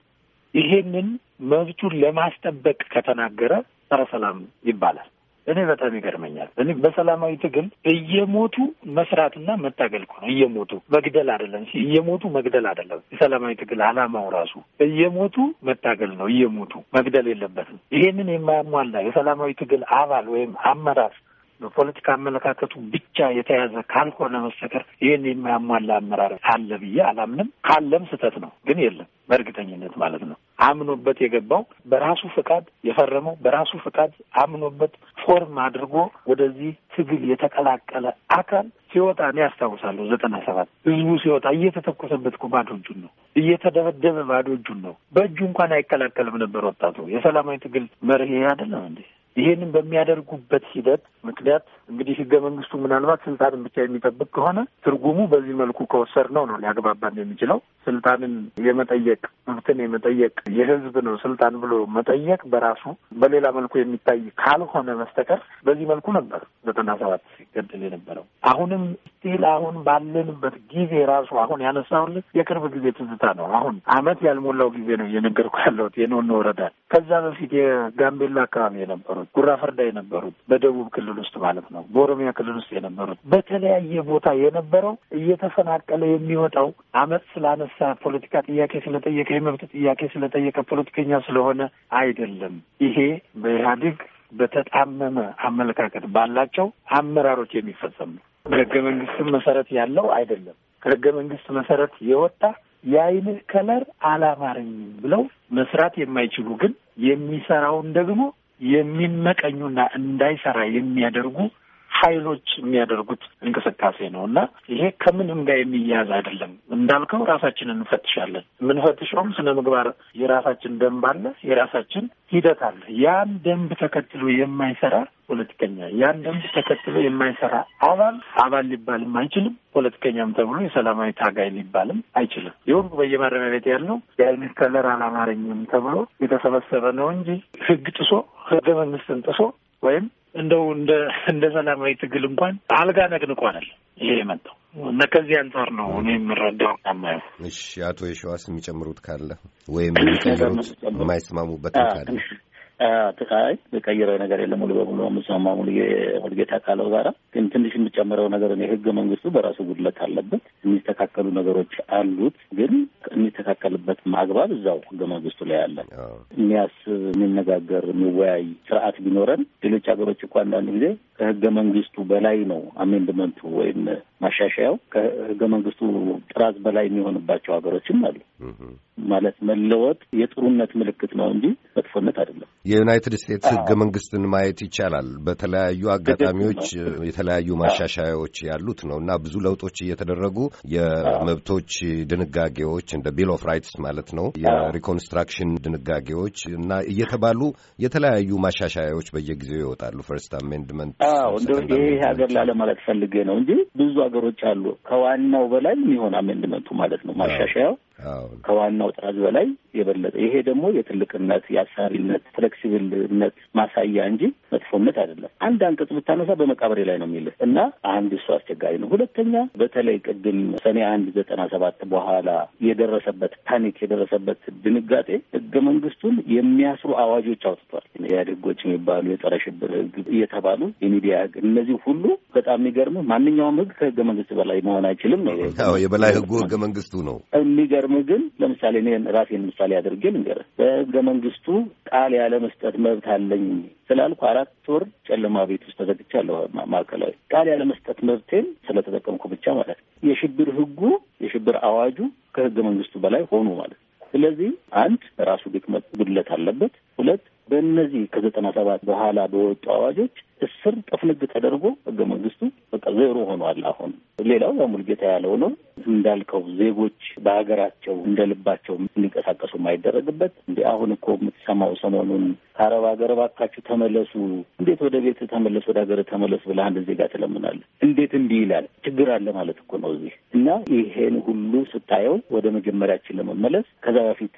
ይሄንን መብቱን ለማስጠበቅ ከተናገረ ጸረ ሰላም ይባላል። እኔ በጣም ይገርመኛል። እኔ በሰላማዊ ትግል እየሞቱ መስራትና መታገል እኮ ነው። እየሞቱ መግደል አይደለም፣ እየሞቱ መግደል አይደለም። የሰላማዊ ትግል አላማው ራሱ እየሞቱ መታገል ነው። እየሞቱ መግደል የለበትም። ይሄንን የማያሟላ የሰላማዊ ትግል አባል ወይም አመራር በፖለቲካ አመለካከቱ ብቻ የተያዘ ካልሆነ በስተቀር ይህን የማያሟላ አመራር አለ ብዬ አላምንም። ካለም ስህተት ነው፣ ግን የለም በእርግጠኝነት ማለት ነው። አምኖበት የገባው በራሱ ፍቃድ የፈረመው በራሱ ፍቃድ አምኖበት ፎርም አድርጎ ወደዚህ ትግል የተቀላቀለ አካል ሲወጣ እኔ ያስታውሳለሁ ዘጠና ሰባት ህዝቡ ሲወጣ እየተተኮሰበት እኮ ባዶ እጁን ነው እየተደበደበ ባዶ እጁን ነው። በእጁ እንኳን አይቀላቀልም ነበር ወጣቱ። የሰላማዊ ትግል መርህ አይደለም እንዴ? ይሄንን በሚያደርጉበት ሂደት ምክንያት እንግዲህ ህገ መንግስቱ ምናልባት ስልጣንን ብቻ የሚጠብቅ ከሆነ ትርጉሙ በዚህ መልኩ ከወሰድ ነው ነው ሊያግባባን የሚችለው። ስልጣንን የመጠየቅ መብትን የመጠየቅ የህዝብ ነው ስልጣን ብሎ መጠየቅ በራሱ በሌላ መልኩ የሚታይ ካልሆነ በስተቀር በዚህ መልኩ ነበር ዘጠና ሰባት ሲገድል የነበረው። አሁንም ስቲል አሁን ባለንበት ጊዜ ራሱ አሁን ያነሳሁልህ የቅርብ ጊዜ ትዝታ ነው። አሁን አመት ያልሞላው ጊዜ ነው እየነገርኩ ያለሁት የኖኖ ወረዳ ከዛ በፊት የጋምቤላ አካባቢ የነበሩት ጉራ ፈርዳ የነበሩት በደቡብ ክልል ክልል ውስጥ ማለት ነው፣ በኦሮሚያ ክልል ውስጥ የነበሩት በተለያየ ቦታ የነበረው እየተፈናቀለ የሚወጣው አመፅ ስላነሳ ፖለቲካ ጥያቄ ስለጠየቀ የመብት ጥያቄ ስለጠየቀ ፖለቲከኛ ስለሆነ አይደለም። ይሄ በኢህአዴግ በተጣመመ አመለካከት ባላቸው አመራሮች የሚፈጸም ነው። በህገ መንግስትም መሰረት ያለው አይደለም። ከህገ መንግስት መሰረት የወጣ የአይን ከለር አላማረኝም ብለው መስራት የማይችሉ ግን የሚሰራውን ደግሞ የሚመቀኙና እንዳይሰራ የሚያደርጉ ኃይሎች የሚያደርጉት እንቅስቃሴ ነው እና ይሄ ከምንም ጋር የሚያያዝ አይደለም። እንዳልከው ራሳችንን እንፈትሻለን። የምንፈትሸውም ስነ ምግባር የራሳችን ደንብ አለ፣ የራሳችን ሂደት አለ። ያን ደንብ ተከትሎ የማይሰራ ፖለቲከኛ፣ ያን ደንብ ተከትሎ የማይሰራ አባል አባል ሊባልም አይችልም። ፖለቲከኛም ተብሎ የሰላማዊ ታጋይ ሊባልም አይችልም። ይሁን በየማረሚያ ቤት ያለው የአይነት ከለር አላማረኝም ተብሎ የተሰበሰበ ነው እንጂ ህግ ጥሶ ህገ መንግስትን ጥሶ ወይም እንደው እንደ ሰላማዊ ትግል እንኳን አልጋ ነቅንቋናል። ይሄ የመጣው እና ከዚህ አንጻር ነው እኔ የምረዳው ማየው። እሺ አቶ የሸዋስ የሚጨምሩት ካለ ወይም የሚጨምሩት የማይስማሙበት ካለ ትካይ የቀየረው ነገር የለም። ሙሉ በሙሉ የምስማማ ሁልጌታ ካለው ጋራ ግን ትንሽ የምጨምረው ነገር የህገ መንግስቱ በራሱ ጉድለት አለበት። የሚስተካከሉ ነገሮች አሉት። ግን የሚስተካከልበት አግባብ እዛው ህገ መንግስቱ ላይ አለ። የሚያስብ የሚነጋገር፣ የሚወያይ ስርዓት ቢኖረን ሌሎች ሀገሮች እኮ አንዳንድ ጊዜ ከህገ መንግስቱ በላይ ነው አሜንድመንቱ ወይም ማሻሻያው ከህገ መንግስቱ ጥራዝ በላይ የሚሆንባቸው ሀገሮችም አሉ። ማለት መለወጥ የጥሩነት ምልክት ነው እንጂ መጥፎነት አይደለም። የዩናይትድ ስቴትስ ህገ መንግስትን ማየት ይቻላል። በተለያዩ አጋጣሚዎች የተለያዩ ማሻሻያዎች ያሉት ነው እና ብዙ ለውጦች እየተደረጉ የመብቶች ድንጋጌዎች እንደ ቢል ኦፍ ራይትስ ማለት ነው የሪኮንስትራክሽን ድንጋጌዎች እና እየተባሉ የተለያዩ ማሻሻያዎች በየጊዜው ይወጣሉ። ፈርስት አሜንድመንት ይሄ ሀገር ላለማለት ፈልጌ ነው እንጂ ብዙ ነገሮች አሉ። ከዋናው በላይ የሚሆን ይሆን አሜንድመንቱ ማለት ነው ማሻሻያው ከዋናው ጥራዝ በላይ የበለጠ ይሄ ደግሞ የትልቅነት የአሳቢነት ፍሌክሲብልነት ማሳያ እንጂ መጥፎነት አይደለም። አንድ አንቀጽ ብታነሳ በመቃብሬ ላይ ነው የሚልህ እና አንድ እሱ አስቸጋሪ ነው። ሁለተኛ በተለይ ቅድም ሰኔ አንድ ዘጠና ሰባት በኋላ የደረሰበት ፓኒክ የደረሰበት ድንጋጤ ህገ መንግስቱን የሚያስሩ አዋጆች አውጥቷል። ኢህአዴግ ህጎች የሚባሉ የጸረ ሽብር ህግ እየተባሉ የሚዲያ ህግ፣ እነዚህ ሁሉ በጣም የሚገርም ማንኛውም ህግ ከህገ መንግስት በላይ መሆን አይችልም ነው የበላይ ህጉ ህገ መንግስቱ ነው የሚገርም የሚገርምህ ግን ለምሳሌ እኔ ራሴን ምሳሌ አድርጌ ልንገርህ። በህገ መንግስቱ ቃል ያለ መስጠት መብት አለኝ ስላልኩ አራት ወር ጨለማ ቤት ውስጥ ተዘግቻለሁ። ማዕከላዊ ቃል ያለ መስጠት መብቴን ስለተጠቀምኩ ብቻ ማለት ነው። የሽብር ህጉ የሽብር አዋጁ ከህገ መንግስቱ በላይ ሆኑ ማለት ነው። ስለዚህ አንድ ራሱ ድክመት ጉድለት አለበት። ሁለት በእነዚህ ከዘጠና ሰባት በኋላ በወጡ አዋጆች እስር ጥፍንግ ተደርጎ ህገ መንግስቱ በቃ ዜሮ ሆኗል። አሁን ሌላው ያው ሙልጌታ ያለው ነው እንዳልከው ዜጎች በሀገራቸው እንደ ልባቸው እንዲንቀሳቀሱ የማይደረግበት እንዲ አሁን እኮ የምትሰማው ሰሞኑን ከአረብ ሀገር እባካችሁ ተመለሱ፣ እንዴት ወደ ቤት ተመለሱ፣ ወደ ሀገር ተመለሱ ብለህ አንድ ዜጋ ትለምናለህ። እንዴት እንዲህ ይላል? ችግር አለ ማለት እኮ ነው እዚህ እና ይሄን ሁሉ ስታየው ወደ መጀመሪያችን ለመመለስ ከዛ በፊት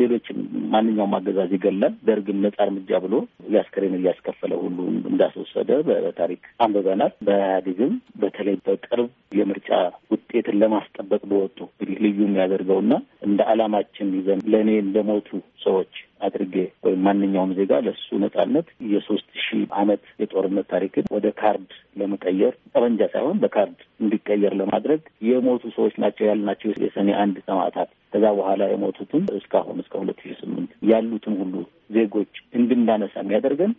ሌሎችም ማንኛውም አገዛዝ ይገላል ደርግም ነጻ እርምጃ ብሎ ሊያስከሬን እያስከፈለ ሁሉ እንዳስወሰደ በታሪክ አንብበናል። በኢህአዴግም በተለይ በቅርብ የምርጫ ውጤትን ለማስጠበቅ በወጡ እንግዲህ ልዩ የሚያደርገውና እንደ አላማችን ይዘን ለእኔ እንደሞቱ ሰዎች አድርጌ ወይም ማንኛውም ዜጋ ለሱ ነጻነት የሶስት ሺህ ዓመት የጦርነት ታሪክን ወደ ካርድ ለመቀየር ጠመንጃ ሳይሆን በካርድ እንዲቀየር ለማድረግ የሞቱ ሰዎች ናቸው ያልናቸው የሰኔ አንድ ሰማዕታት ከዛ በኋላ የሞቱትን እስካሁን እስከ ሁለት ሺህ ስምንት ያሉትን ሁሉ ዜጎች እንድናነሳ የሚያደርገን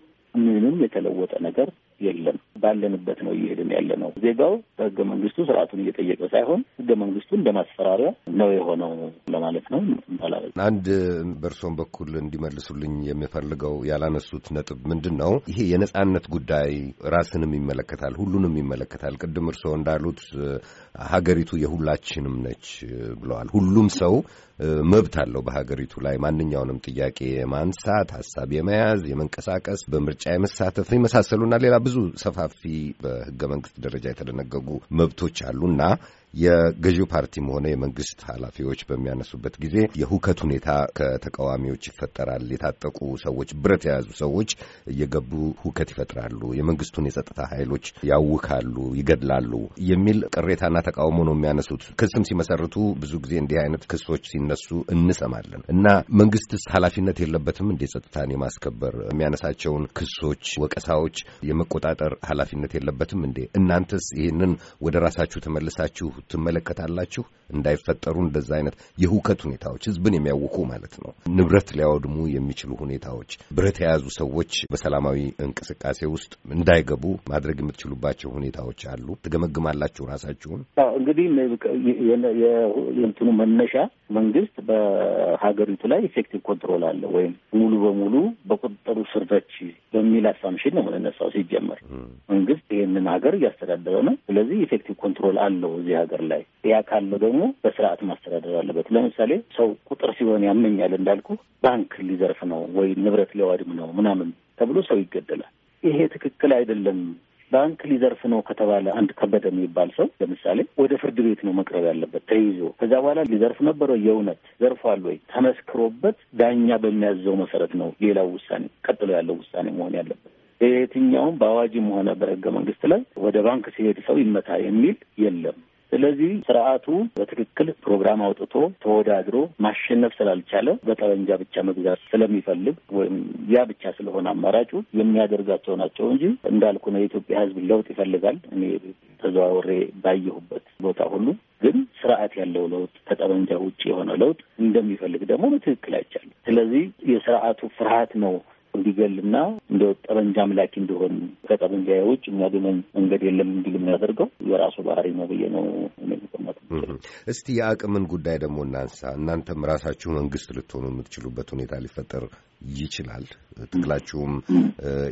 ምንም የተለወጠ ነገር የለም። ባለንበት ነው እየሄድን ያለ ነው። ዜጋው በህገ መንግስቱ ስርዓቱን እየጠየቀ ሳይሆን ህገ መንግስቱ እንደ ማስፈራሪያ ነው የሆነው ለማለት ነው። አንድ በእርሶም በኩል እንዲመልሱልኝ የሚፈልገው ያላነሱት ነጥብ ምንድን ነው? ይሄ የነጻነት ጉዳይ ራስንም ይመለከታል፣ ሁሉንም ይመለከታል። ቅድም እርሶ እንዳሉት ሀገሪቱ የሁላችንም ነች ብለዋል። ሁሉም ሰው መብት አለው በሀገሪቱ ላይ ማንኛውንም ጥያቄ የማንሳት ሀሳብ የመያዝ የመንቀሳቀስ፣ በምርጫ የመሳተፍ የመሳሰሉና ሌላ ብዙ ሰፋፊ በህገ መንግስት ደረጃ የተደነገጉ መብቶች አሉና የገዢው ፓርቲም ሆነ የመንግስት ኃላፊዎች በሚያነሱበት ጊዜ የሁከት ሁኔታ ከተቃዋሚዎች ይፈጠራል። የታጠቁ ሰዎች፣ ብረት የያዙ ሰዎች እየገቡ ሁከት ይፈጥራሉ፣ የመንግስቱን የጸጥታ ኃይሎች ያውካሉ፣ ይገድላሉ የሚል ቅሬታና ተቃውሞ ነው የሚያነሱት። ክስም ሲመሰርቱ ብዙ ጊዜ እንዲህ አይነት ክሶች ሲነሱ እንሰማለን እና መንግስትስ ኃላፊነት የለበትም እንዴ? ጸጥታን የማስከበር የሚያነሳቸውን ክሶች፣ ወቀሳዎች የመቆጣጠር ኃላፊነት የለበትም እንዴ? እናንተስ ይህንን ወደ ራሳችሁ ተመልሳችሁ ትመለከታላችሁ። እንዳይፈጠሩ እንደዛ አይነት የሁከት ሁኔታዎች ህዝብን የሚያውኩ ማለት ነው፣ ንብረት ሊያወድሙ የሚችሉ ሁኔታዎች፣ ብረት የያዙ ሰዎች በሰላማዊ እንቅስቃሴ ውስጥ እንዳይገቡ ማድረግ የምትችሉባቸው ሁኔታዎች አሉ። ትገመግማላችሁ ራሳችሁን። እንግዲህ የእንትኑ መነሻ መንግስት በሀገሪቱ ላይ ኢፌክቲቭ ኮንትሮል አለ ወይም ሙሉ በሙሉ በቁጥጥሩ ስር ነች በሚል አሳምሽን ነው የምንነሳው። ሲጀመር መንግስት ይህንን ሀገር እያስተዳደረ ነው። ስለዚህ ኢፌክቲቭ ኮንትሮል አለው እዚህ ሀገር ነገር ላይ ያ ካለው ደግሞ በስርዓት ማስተዳደር አለበት። ለምሳሌ ሰው ቁጥር ሲሆን ያመኛል እንዳልኩ ባንክ ሊዘርፍ ነው ወይ ንብረት ሊዋድም ነው ምናምን ተብሎ ሰው ይገደላል። ይሄ ትክክል አይደለም። ባንክ ሊዘርፍ ነው ከተባለ አንድ ከበደ የሚባል ሰው ለምሳሌ ወደ ፍርድ ቤት ነው መቅረብ ያለበት ተይዞ። ከዛ በኋላ ሊዘርፍ ነበረ የእውነት ዘርፏል ወይ ተመስክሮበት ዳኛ በሚያዘው መሰረት ነው ሌላው ውሳኔ ቀጥሎ ያለው ውሳኔ መሆን ያለበት። የትኛውም በአዋጅም ሆነ በሕገ መንግስት ላይ ወደ ባንክ ሲሄድ ሰው ይመታ የሚል የለም። ስለዚህ ስርዓቱ በትክክል ፕሮግራም አውጥቶ ተወዳድሮ ማሸነፍ ስላልቻለ በጠመንጃ ብቻ መግዛት ስለሚፈልግ ወይም ያ ብቻ ስለሆነ አማራጩ የሚያደርጋቸው ናቸው እንጂ እንዳልኩ ነው። የኢትዮጵያ ሕዝብ ለውጥ ይፈልጋል። እኔ ተዘዋውሬ ባየሁበት ቦታ ሁሉ ግን ስርዓት ያለው ለውጥ ከጠመንጃ ውጭ የሆነ ለውጥ እንደሚፈልግ ደግሞ በትክክል አይቻልም። ስለዚህ የስርዓቱ ፍርሃት ነው እንዲገልና እንደ ጠመንጃ አምላኪ እንደሆን ከጠመንጃ ውጭ የሚያገናኝ መንገድ የለም እንዲል የሚያደርገው የራሱ ባህሪ ነው ብዬ ነው የሚቀመጥ። እስቲ የአቅምን ጉዳይ ደግሞ እናንሳ። እናንተም ራሳችሁ መንግስት ልትሆኑ የምትችሉበት ሁኔታ ሊፈጠር ይችላል። ትግላችሁም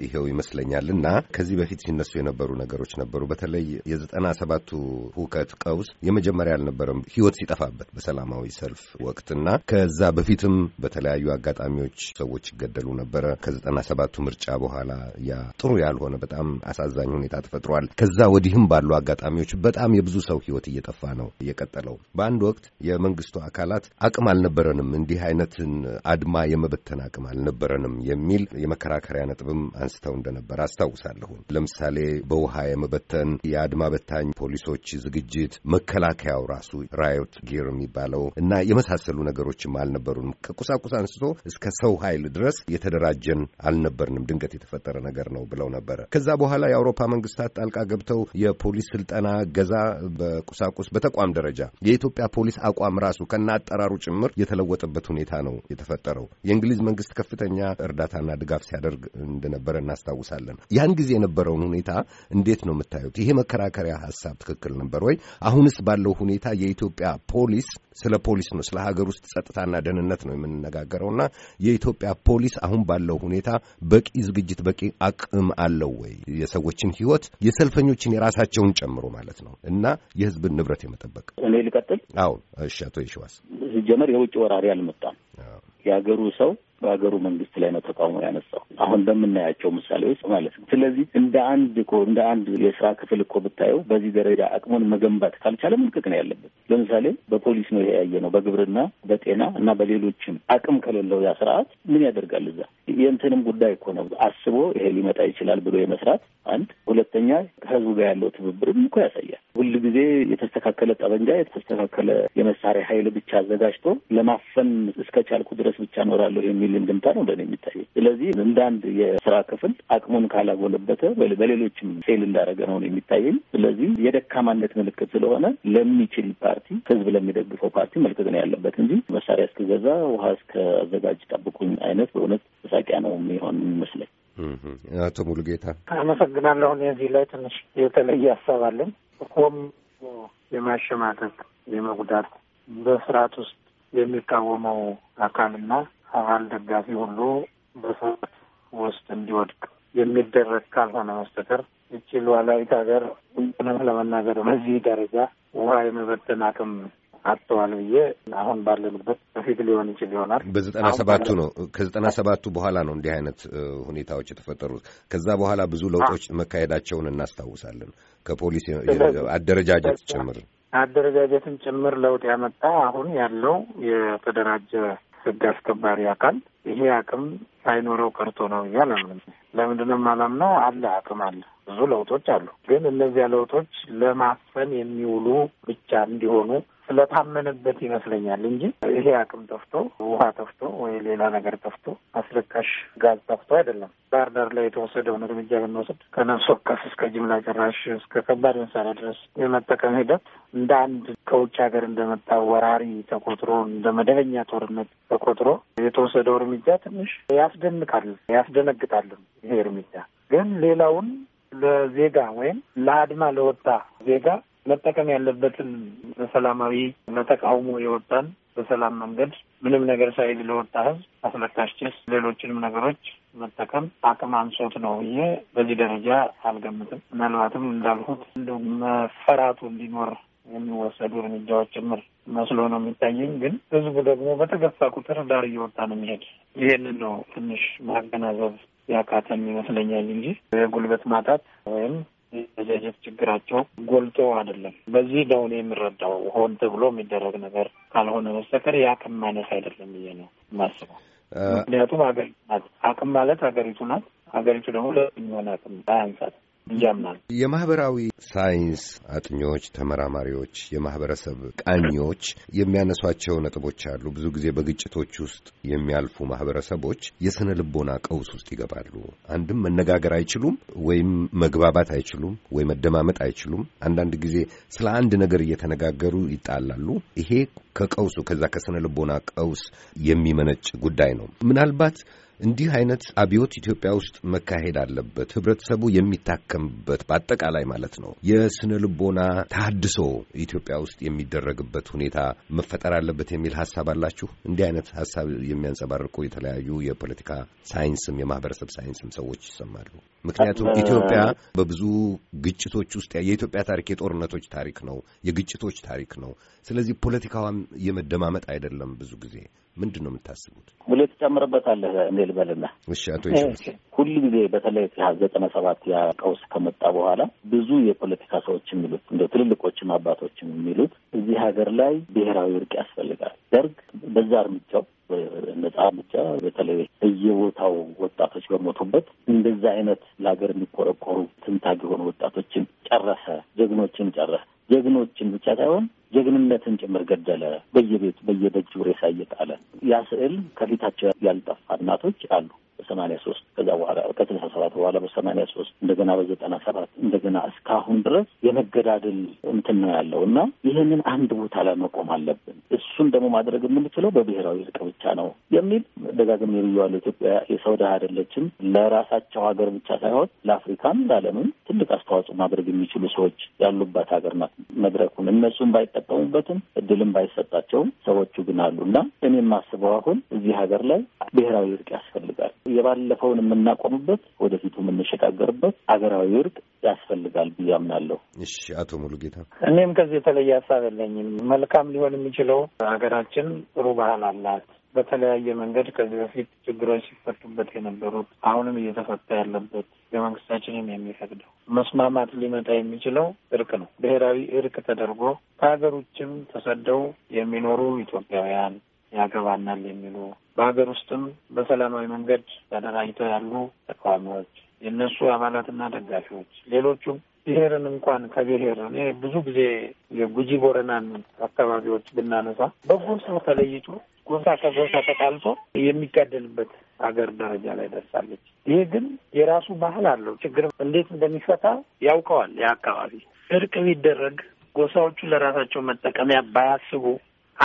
ይሄው ይመስለኛል እና ከዚህ በፊት ሲነሱ የነበሩ ነገሮች ነበሩ። በተለይ የዘጠና ሰባቱ ሁከት ቀውስ የመጀመሪያ አልነበረም፣ ህይወት ሲጠፋበት በሰላማዊ ሰልፍ ወቅት እና ከዛ በፊትም በተለያዩ አጋጣሚዎች ሰዎች ይገደሉ ነበረ። ከዘጠና ሰባቱ ምርጫ በኋላ ያ ጥሩ ያልሆነ በጣም አሳዛኝ ሁኔታ ተፈጥሯል። ከዛ ወዲህም ባሉ አጋጣሚዎች በጣም የብዙ ሰው ህይወት እየጠፋ ነው እየቀጠለው። በአንድ ወቅት የመንግስቱ አካላት አቅም አልነበረንም፣ እንዲህ አይነትን አድማ የመበተን አቅም አልነበረ አልነበረንም የሚል የመከራከሪያ ነጥብም አንስተው እንደነበር አስታውሳለሁ። ለምሳሌ በውሃ የመበተን የአድማ በታኝ ፖሊሶች ዝግጅት፣ መከላከያው ራሱ ራዮት ጊር የሚባለው እና የመሳሰሉ ነገሮችም አልነበሩንም። ከቁሳቁስ አንስቶ እስከ ሰው ኃይል ድረስ የተደራጀን አልነበርንም። ድንገት የተፈጠረ ነገር ነው ብለው ነበረ። ከዛ በኋላ የአውሮፓ መንግስታት ጣልቃ ገብተው የፖሊስ ስልጠና ገዛ፣ በቁሳቁስ በተቋም ደረጃ የኢትዮጵያ ፖሊስ አቋም ራሱ ከነ አጠራሩ ጭምር የተለወጠበት ሁኔታ ነው የተፈጠረው። የእንግሊዝ መንግስት ከፍ ከፍተኛ እርዳታና ድጋፍ ሲያደርግ እንደነበረ እናስታውሳለን። ያን ጊዜ የነበረውን ሁኔታ እንዴት ነው የምታዩት? ይሄ መከራከሪያ ሀሳብ ትክክል ነበር ወይ? አሁንስ ባለው ሁኔታ የኢትዮጵያ ፖሊስ ስለ ፖሊስ ነው ስለ ሀገር ውስጥ ጸጥታና ደህንነት ነው የምንነጋገረውና የኢትዮጵያ ፖሊስ አሁን ባለው ሁኔታ በቂ ዝግጅት በቂ አቅም አለው ወይ? የሰዎችን ህይወት የሰልፈኞችን የራሳቸውን ጨምሮ ማለት ነው እና የህዝብን ንብረት የመጠበቅ እኔ ልቀጥል። አዎ እሺ። አቶ ይሸዋስ ሲጀመር የውጭ ወራሪ አልመጣም። የሀገሩ ሰው በሀገሩ መንግስት ላይ ነው ተቃውሞ ያነሳው አሁን በምናያቸው ምሳሌዎች ማለት ነው። ስለዚህ እንደ አንድ እኮ እንደ አንድ የስራ ክፍል እኮ ብታየው በዚህ ደረጃ አቅሙን መገንባት ካልቻለ መልቀቅ ነው ያለበት። ለምሳሌ በፖሊስ ነው የተያየ ነው፣ በግብርና በጤና እና በሌሎችም አቅም ከሌለው ያ ስርዓት ምን ያደርጋል? እዛ የእንትንም ጉዳይ እኮ ነው አስቦ ይሄ ሊመጣ ይችላል ብሎ የመስራት አንድ። ሁለተኛ ከህዝቡ ጋር ያለው ትብብርም እኮ ያሳያል። ሁል ጊዜ የተስተካከለ ጠበንጃ የተስተካከለ የመሳሪያ ኃይል ብቻ አዘጋጅቶ ለማፈን እስከቻልኩ ድረስ ብቻ እኖራለሁ የሚል የሚል እንድምታ ነው በእኔ የሚታየ። ስለዚህ እንደ አንድ የስራ ክፍል አቅሙን ካላጎለበተ በሌሎችም ፌል እንዳደረገ ነው የሚታየኝ። ስለዚህ የደካማነት ምልክት ስለሆነ ለሚችል ፓርቲ፣ ህዝብ ለሚደግፈው ፓርቲ መልክት ነው ያለበት እንጂ መሳሪያ እስክገዛ ውሃ እስከአዘጋጅ ጠብቁኝ አይነት በእውነት መሳቂያ ነው የሚሆን ይመስለኝ። አቶ ሙሉጌታ አመሰግናለሁ። እኔ እዚህ ላይ ትንሽ የተለየ ሀሳብ አለኝ። ቆም የማሸማቀቅ የመጉዳት በስርዓት ውስጥ የሚቃወመው አካልና አባል ደጋፊ ሁሉ በሰት ውስጥ እንዲወድቅ የሚደረግ ካልሆነ መስተከር እቺ ሉዓላዊት ሀገር ሁሉንም ለመናገር በዚህ ደረጃ ውሃ የመበተን አቅም አጥተዋል ብዬ አሁን ባለንበት በፊት ሊሆን ይችል ይሆናል። በዘጠና ሰባቱ ነው ከዘጠና ሰባቱ በኋላ ነው እንዲህ አይነት ሁኔታዎች የተፈጠሩት። ከዛ በኋላ ብዙ ለውጦች መካሄዳቸውን እናስታውሳለን። ከፖሊስ አደረጃጀት ጭምር አደረጃጀትን ጭምር ለውጥ ያመጣ አሁን ያለው የተደራጀ ህግ አስከባሪ አካል ይሄ አቅም ሳይኖረው ቀርቶ ነው ብዬ አላምንም። ለምንድነው የማላምነው? አለ አቅም አለ፣ ብዙ ለውጦች አሉ። ግን እነዚያ ለውጦች ለማፈን የሚውሉ ብቻ እንዲሆኑ ስለታመንበት ይመስለኛል እንጂ ይሄ አቅም ጠፍቶ ውሃ ጠፍቶ ወይ ሌላ ነገር ጠፍቶ አስለቃሽ ጋዝ ጠፍቶ አይደለም። ባህር ዳር ላይ የተወሰደውን እርምጃ ብንወስድ ከነፍስ ወከፍ እስከ ጅምላ ጨራሽ እስከ ከባድ መሳሪያ ድረስ የመጠቀም ሂደት እንደ አንድ ከውጭ ሀገር እንደመጣ ወራሪ ተቆጥሮ እንደ መደበኛ ጦርነት ተቆጥሮ የተወሰደው እርምጃ ትንሽ ያስደንቃል፣ ያስደነግጣል። ይሄ እርምጃ ግን ሌላውን ለዜጋ ወይም ለአድማ ለወጣ ዜጋ መጠቀም ያለበትን በሰላማዊ ለተቃውሞ የወጣን በሰላም መንገድ ምንም ነገር ሳይል ለወጣ ህዝብ አስለቃሽ ጭስ፣ ሌሎችንም ነገሮች መጠቀም አቅም አንሶት ነው ብዬ በዚህ ደረጃ አልገምትም። ምናልባትም እንዳልኩት እንደ መፈራቱ እንዲኖር የሚወሰዱ እርምጃዎች ጭምር መስሎ ነው የሚታየኝ። ግን ህዝቡ ደግሞ በተገፋ ቁጥር ዳር እየወጣ ነው የሚሄድ። ይሄንን ነው ትንሽ ማገናዘብ ያካተን ይመስለኛል እንጂ የጉልበት ማጣት ወይም የመዘየት ችግራቸው ጎልቶ አይደለም። በዚህ ነው እኔ የምረዳው። ሆን ተብሎ የሚደረግ ነገር ካልሆነ በስተቀር የአቅም ማነስ አይደለም ብዬ ነው የማስበው። ምክንያቱም አገሪቱ ናት። አቅም ማለት ሀገሪቱ ናት። ሀገሪቱ ደግሞ ለሚሆን አቅም አያንሳት እያምናል። የማህበራዊ ሳይንስ አጥኚዎች፣ ተመራማሪዎች፣ የማህበረሰብ ቃኚዎች የሚያነሷቸው ነጥቦች አሉ። ብዙ ጊዜ በግጭቶች ውስጥ የሚያልፉ ማህበረሰቦች የስነ ልቦና ቀውስ ውስጥ ይገባሉ። አንድም መነጋገር አይችሉም፣ ወይም መግባባት አይችሉም፣ ወይ መደማመጥ አይችሉም። አንዳንድ ጊዜ ስለ አንድ ነገር እየተነጋገሩ ይጣላሉ። ይሄ ከቀውሱ ከዛ ከስነ ልቦና ቀውስ የሚመነጭ ጉዳይ ነው ምናልባት እንዲህ አይነት አብዮት ኢትዮጵያ ውስጥ መካሄድ አለበት። ህብረተሰቡ የሚታከምበት በአጠቃላይ ማለት ነው። የስነ ልቦና ታድሶ ኢትዮጵያ ውስጥ የሚደረግበት ሁኔታ መፈጠር አለበት የሚል ሀሳብ አላችሁ። እንዲህ አይነት ሀሳብ የሚያንጸባርቁ የተለያዩ የፖለቲካ ሳይንስም የማህበረሰብ ሳይንስም ሰዎች ይሰማሉ። ምክንያቱም ኢትዮጵያ በብዙ ግጭቶች ውስጥ የኢትዮጵያ ታሪክ የጦርነቶች ታሪክ ነው፣ የግጭቶች ታሪክ ነው። ስለዚህ ፖለቲካዋም የመደማመጥ አይደለም ብዙ ጊዜ ምንድን ነው የምታስቡት? ሁሌት ትጨምርበታለህ እንዴ ልበልና እሺ፣ አቶ ሁሉ ጊዜ በተለይ ዘጠና ሰባት ያ ቀውስ ከመጣ በኋላ ብዙ የፖለቲካ ሰዎች የሚሉት እንደ ትልልቆችም አባቶችም የሚሉት እዚህ ሀገር ላይ ብሔራዊ እርቅ ያስፈልጋል። ደርግ በዛ እርምጃው ነጻ ብቻ በተለይ እየቦታው ወጣቶች በሞቱበት እንደዛ አይነት ለሀገር የሚቆረቆሩ ትንታግ የሆኑ ወጣቶችን ጨረሰ፣ ጀግኖችን ጨረሰ። ጀግኖችን ብቻ ሳይሆን ጀግንነትን ጭምር ገደለ። በየቤቱ በየደጅ ሬሳ እየጣለ ያ ስዕል ከፊታቸው ያልጠፋ እናቶች አሉ። በሰማኒያ ሶስት ከዛ በኋላ ከስልሳ ሰባት በኋላ በሰማኒያ ሶስት እንደገና በዘጠና ሰባት እንደገና እስካሁን ድረስ የመገዳደል እንትን ነው ያለው እና ይህንን አንድ ቦታ ላይ መቆም አለብን። እሱን ደግሞ ማድረግ የምንችለው በብሔራዊ እርቅ ብቻ ነው የሚል ደጋግሜ ብያዋለሁ። ኢትዮጵያ የሰው ድሀ አይደለችም። ለራሳቸው ሀገር ብቻ ሳይሆን ለአፍሪካም ለዓለምም ትልቅ አስተዋጽኦ ማድረግ የሚችሉ ሰዎች ያሉባት ሀገር ናት። መድረኩን እነሱም ባይጠቀሙበትም እድልም ባይሰጣቸውም ሰዎቹ ግን አሉ እና እኔም ማስበው አሁን እዚህ ሀገር ላይ ብሔራዊ እርቅ ያስፈልጋል። የባለፈውን የምናቆምበት ወደፊቱ የምንሸጋገርበት ሀገራዊ እርቅ ያስፈልጋል ብዬ አምናለሁ። እሺ፣ አቶ ሙሉጌታ፣ እኔም ከዚህ የተለየ ሀሳብ የለኝም። መልካም ሊሆን የሚችለው ሀገራችን ጥሩ ባህል አላት። በተለያየ መንገድ ከዚህ በፊት ችግሮች ሲፈቱበት የነበሩት አሁንም እየተፈታ ያለበት የመንግስታችንም የሚፈቅደው መስማማት ሊመጣ የሚችለው እርቅ ነው። ብሔራዊ እርቅ ተደርጎ ከሀገር ውጭም ተሰደው የሚኖሩ ኢትዮጵያውያን ያገባናል የሚሉ በሀገር ውስጥም በሰላማዊ መንገድ ተደራጅተው ያሉ ተቃዋሚዎች፣ የእነሱ አባላትና ደጋፊዎች ሌሎቹም ብሔርን እንኳን ከብሔር እኔ ብዙ ጊዜ የጉጂ ቦረናን አካባቢዎች ብናነሳ በጎሳው ተለይቶ ጎሳ ከጎሳ ተጣልቶ የሚጋደልበት ሀገር ደረጃ ላይ ደርሳለች። ይሄ ግን የራሱ ባህል አለው። ችግር እንዴት እንደሚፈታ ያውቀዋል። የአካባቢ እርቅ ቢደረግ ጎሳዎቹ ለራሳቸው መጠቀሚያ ባያስቡ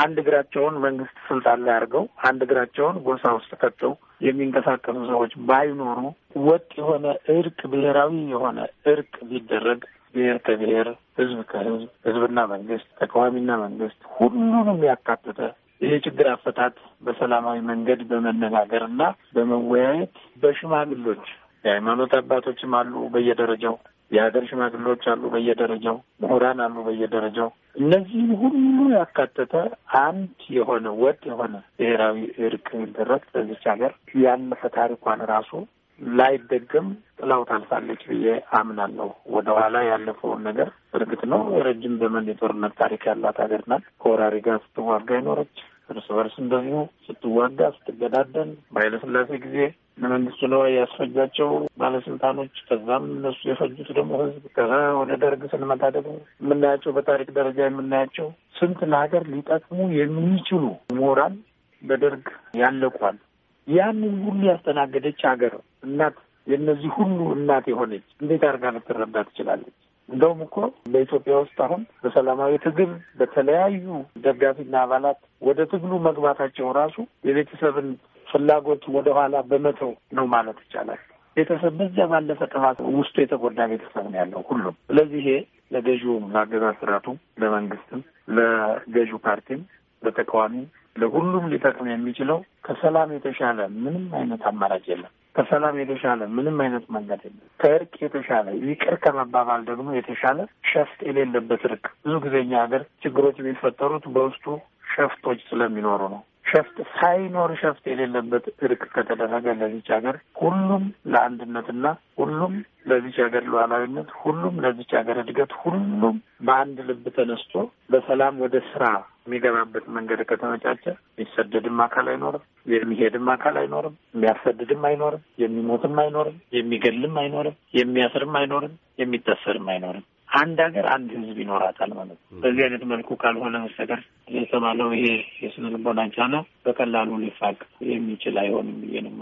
አንድ እግራቸውን መንግስት ስልጣን ላይ አድርገው አንድ እግራቸውን ጎሳ ውስጥ ከተው የሚንቀሳቀሱ ሰዎች ባይኖሩ ወጥ የሆነ እርቅ ብሔራዊ የሆነ እርቅ ቢደረግ ብሔር ከብሔር፣ ህዝብ ከህዝብ፣ ህዝብና መንግስት፣ ተቃዋሚና መንግስት ሁሉንም ያካተተ ይሄ ችግር አፈታት በሰላማዊ መንገድ በመነጋገር እና በመወያየት በሽማግሎች የሃይማኖት አባቶችም አሉ በየደረጃው፣ የሀገር ሽማግሎች አሉ በየደረጃው፣ ምሁራን አሉ በየደረጃው። እነዚህ ሁሉ ያካተተ አንድ የሆነ ወጥ የሆነ ብሔራዊ እርቅ ሊደረግ በዚች ሀገር ያለፈ ታሪኳን ራሱ ላይደገም ጥላው ታልፋለች ብዬ አምናለሁ። ወደ ኋላ ያለፈውን ነገር እርግጥ ነው ረጅም ዘመን የጦርነት ታሪክ ያላት ሀገር ናት። ከወራሪ ጋር ስትዋጋ ይኖረች እርስ በርስ እንደዚሁ ስትዋጋ ስትገዳደን፣ በኃይለሥላሴ ጊዜ ለመንግስቱ ነዋይ ያስፈጃቸው ባለስልጣኖች፣ ከዛም እነሱ የፈጁት ደግሞ ህዝብ። ከዛ ወደ ደርግ ስንመጣ ደግሞ የምናያቸው በታሪክ ደረጃ የምናያቸው ስንት ለሀገር ሊጠቅሙ የሚችሉ ምሁራን በደርግ ያለቋል። ያንን ሁሉ ያስተናገደች ሀገር እናት የእነዚህ ሁሉ እናት የሆነች እንዴት አድርጋ ልትረዳ ትችላለች? እንደውም እኮ በኢትዮጵያ ውስጥ አሁን በሰላማዊ ትግል በተለያዩ ደጋፊና አባላት ወደ ትግሉ መግባታቸው ራሱ የቤተሰብን ፍላጎት ወደኋላ በመተው ነው ማለት ይቻላል። ቤተሰብ በዚያ ባለፈ ጥፋት ውስጡ የተጎዳ ቤተሰብ ነው ያለው ሁሉም። ስለዚህ ይሄ ለገዢው አገዛዝ ስርዓቱ፣ ለመንግስትም፣ ለገዢው ፓርቲም፣ ለተቃዋሚ ለሁሉም ሊጠቅም የሚችለው ከሰላም የተሻለ ምንም አይነት አማራጭ የለም። ከሰላም የተሻለ ምንም አይነት መንገድ የለም። ከእርቅ የተሻለ ይቅር ከመባባል ደግሞ የተሻለ ሸፍጥ የሌለበት እርቅ። ብዙ ጊዜ እኛ ሀገር ችግሮች የሚፈጠሩት በውስጡ ሸፍጦች ስለሚኖሩ ነው። ሸፍጥ ሳይኖር ሸፍጥ የሌለበት እርቅ ከተደረገ ለዚች ሀገር ሁሉም ለአንድነትና ሁሉም ለዚች ሀገር ሉዓላዊነት፣ ሁሉም ለዚች ሀገር እድገት፣ ሁሉም በአንድ ልብ ተነስቶ በሰላም ወደ ስራ የሚገባበት መንገድ ከተመቻቸ የሚሰደድም አካል አይኖርም፣ የሚሄድም አካል አይኖርም፣ የሚያሰድድም አይኖርም፣ የሚሞትም አይኖርም፣ የሚገልም አይኖርም፣ የሚያስርም አይኖርም፣ የሚታሰርም አይኖርም። አንድ ሀገር አንድ ህዝብ ይኖራታል ማለት ነው። በዚህ አይነት መልኩ ካልሆነ መስተቀር የተባለው ይሄ የስነ ልቦና ጫና በቀላሉ ሊፋቅ የሚችል አይሆንም ብዬ ነው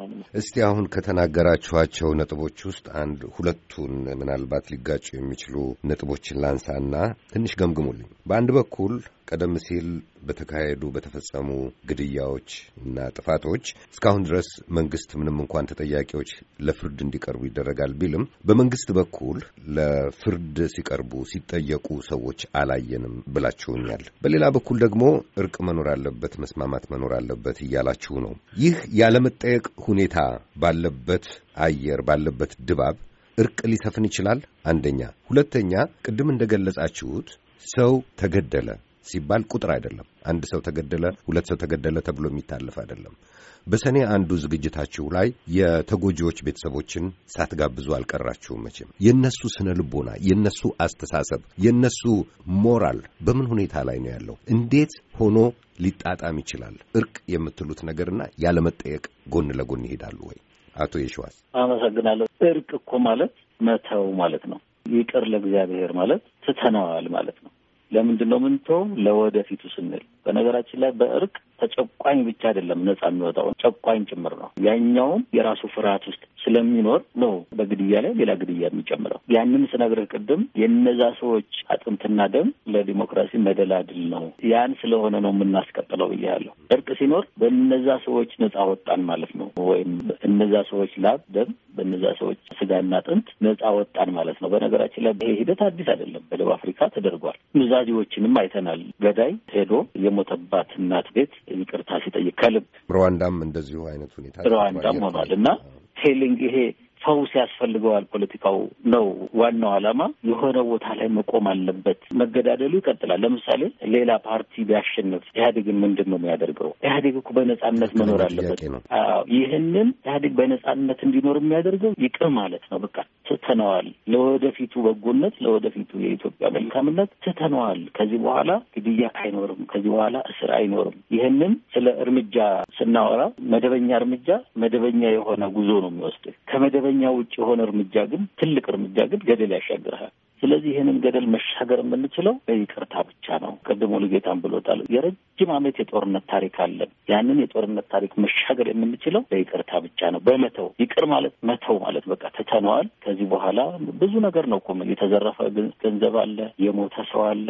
እስቲ አሁን ከተናገራችኋቸው ነጥቦች ውስጥ አንድ ሁለቱን ምናልባት ሊጋጩ የሚችሉ ነጥቦችን ላንሳና ትንሽ ገምግሙልኝ። በአንድ በኩል ቀደም ሲል በተካሄዱ በተፈጸሙ ግድያዎች እና ጥፋቶች እስካሁን ድረስ መንግስት ምንም እንኳን ተጠያቂዎች ለፍርድ እንዲቀርቡ ይደረጋል ቢልም በመንግስት በኩል ለፍርድ ሲቀርቡ ሲጠየቁ ሰዎች አላየንም ብላችሁኛል። በሌላ በኩል ደግሞ እርቅ መኖር አለበት፣ መስማማት መኖር አለበት እያላችሁ ነው። ይህ ያለመጠየቅ ሁኔታ ባለበት አየር ባለበት ድባብ እርቅ ሊሰፍን ይችላል? አንደኛ። ሁለተኛ ቅድም እንደገለጻችሁት ሰው ተገደለ፣ ሲባል ቁጥር አይደለም። አንድ ሰው ተገደለ፣ ሁለት ሰው ተገደለ ተብሎ የሚታለፍ አይደለም። በሰኔ አንዱ ዝግጅታችሁ ላይ የተጎጂዎች ቤተሰቦችን ሳትጋብዙ አልቀራችሁም። መቼም የእነሱ ስነ ልቦና፣ የእነሱ አስተሳሰብ፣ የእነሱ ሞራል በምን ሁኔታ ላይ ነው ያለው? እንዴት ሆኖ ሊጣጣም ይችላል? እርቅ የምትሉት ነገርና ያለመጠየቅ ጎን ለጎን ይሄዳሉ ወይ? አቶ የሸዋስ አመሰግናለሁ። እርቅ እኮ ማለት መተው ማለት ነው። ይቅር ለእግዚአብሔር ማለት ትተነዋል ማለት ነው። ለምንድን ነው ምንተው? ለወደፊቱ ስንል በነገራችን ላይ በእርቅ ተጨቋኝ ብቻ አይደለም ነጻ የሚወጣው ጨቋኝ ጭምር ነው። ያኛውም የራሱ ፍርሃት ውስጥ ስለሚኖር ነው በግድያ ላይ ሌላ ግድያ የሚጨምረው። ያንን ስነግርህ ቅድም የነዛ ሰዎች አጥንትና ደም ለዲሞክራሲ መደላድል ነው። ያን ስለሆነ ነው የምናስቀጥለው ብያለሁ። እርቅ ሲኖር በነዛ ሰዎች ነጻ ወጣን ማለት ነው። ወይም እነዛ ሰዎች ላብ ደም፣ በነዛ ሰዎች ስጋና አጥንት ነጻ ወጣን ማለት ነው። በነገራችን ላይ ይሄ ሂደት አዲስ አይደለም። በደቡብ አፍሪካ ተደርጓል። ምዛዜዎችንም አይተናል። ገዳይ ሄዶ የሞተባት እናት ቤት ይቅርታ ሲጠይቅ ከልብ ሩዋንዳም እንደዚሁ አይነት ሁኔታ ሩዋንዳም ሆኗል እና ሄሊንግ ይሄ ፈውስ ያስፈልገዋል። ፖለቲካው ነው ዋናው ዓላማ። የሆነ ቦታ ላይ መቆም አለበት። መገዳደሉ ይቀጥላል። ለምሳሌ ሌላ ፓርቲ ቢያሸንፍ ኢህአዴግን ምንድን ነው የሚያደርገው? ኢህአዴግ እኮ በነጻነት መኖር አለበት። ይህንን ኢህአዴግ በነጻነት እንዲኖር የሚያደርገው ይቅር ማለት ነው። በቃ ትተነዋል። ለወደፊቱ በጎነት፣ ለወደፊቱ የኢትዮጵያ መልካምነት ትተነዋል። ከዚህ በኋላ ግድያ አይኖርም። ከዚህ በኋላ እስር አይኖርም። ይህንን ስለ እርምጃ ስናወራ መደበኛ እርምጃ መደበኛ የሆነ ጉዞ ነው የሚወስድ ከመደበ ከኛ ውጭ የሆነ እርምጃ ግን ትልቅ እርምጃ ግን ገደል ያሻግርሃል። ስለዚህ ይህንን ገደል መሻገር የምንችለው በይቅርታ ብቻ ነው። ቅድሞ ልጌታን ብሎታል። የረጅም ዓመት የጦርነት ታሪክ አለን። ያንን የጦርነት ታሪክ መሻገር የምንችለው በይቅርታ ብቻ ነው። በመተው ይቅር ማለት መተው ማለት በቃ ተቻነዋል። ከዚህ በኋላ ብዙ ነገር ነው እኮ የተዘረፈ ገንዘብ አለ፣ የሞተ ሰው አለ።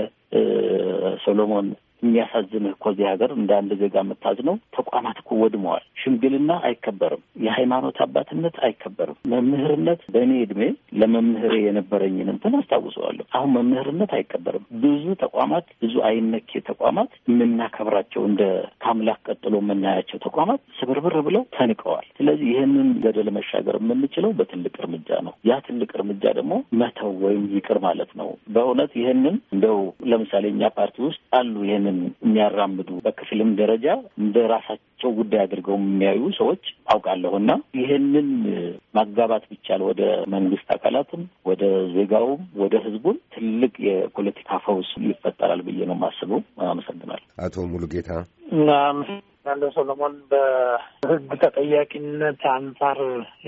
ሶሎሞን የሚያሳዝንህ እኮ እዚህ ሀገር እንደ አንድ ዜጋ የምታዝነው ተቋማት እኮ ወድመዋል። ሽምግልና አይከበርም። የሃይማኖት አባትነት አይከበርም። መምህርነት በእኔ እድሜ ለመምህሬ የነበረኝን እንትን አስታውሰዋለሁ። አሁን መምህርነት አይከበርም። ብዙ ተቋማት ብዙ አይነኬ ተቋማት የምናከብራቸው እንደ ከአምላክ ቀጥሎ የምናያቸው ተቋማት ስብርብር ብለው ተንቀዋል። ስለዚህ ይህንን ገደል መሻገር የምንችለው በትልቅ እርምጃ ነው። ያ ትልቅ እርምጃ ደግሞ መተው ወይም ይቅር ማለት ነው። በእውነት ይህንን እንደው ለምሳሌ እኛ ፓርቲ ውስጥ አሉ ይህንን ይህንን የሚያራምዱ በክፍልም ደረጃ እንደ ራሳቸው ጉዳይ አድርገው የሚያዩ ሰዎች አውቃለሁ እና ይህንን ማጋባት ቢቻል ወደ መንግስት አካላትም ወደ ዜጋውም ወደ ህዝቡም ትልቅ የፖለቲካ ፈውስ ይፈጠራል ብዬ ነው የማስበው። አመሰግናል። አቶ ሙሉጌታ ያለው ሰሎሞን በህግ ተጠያቂነት አንፃር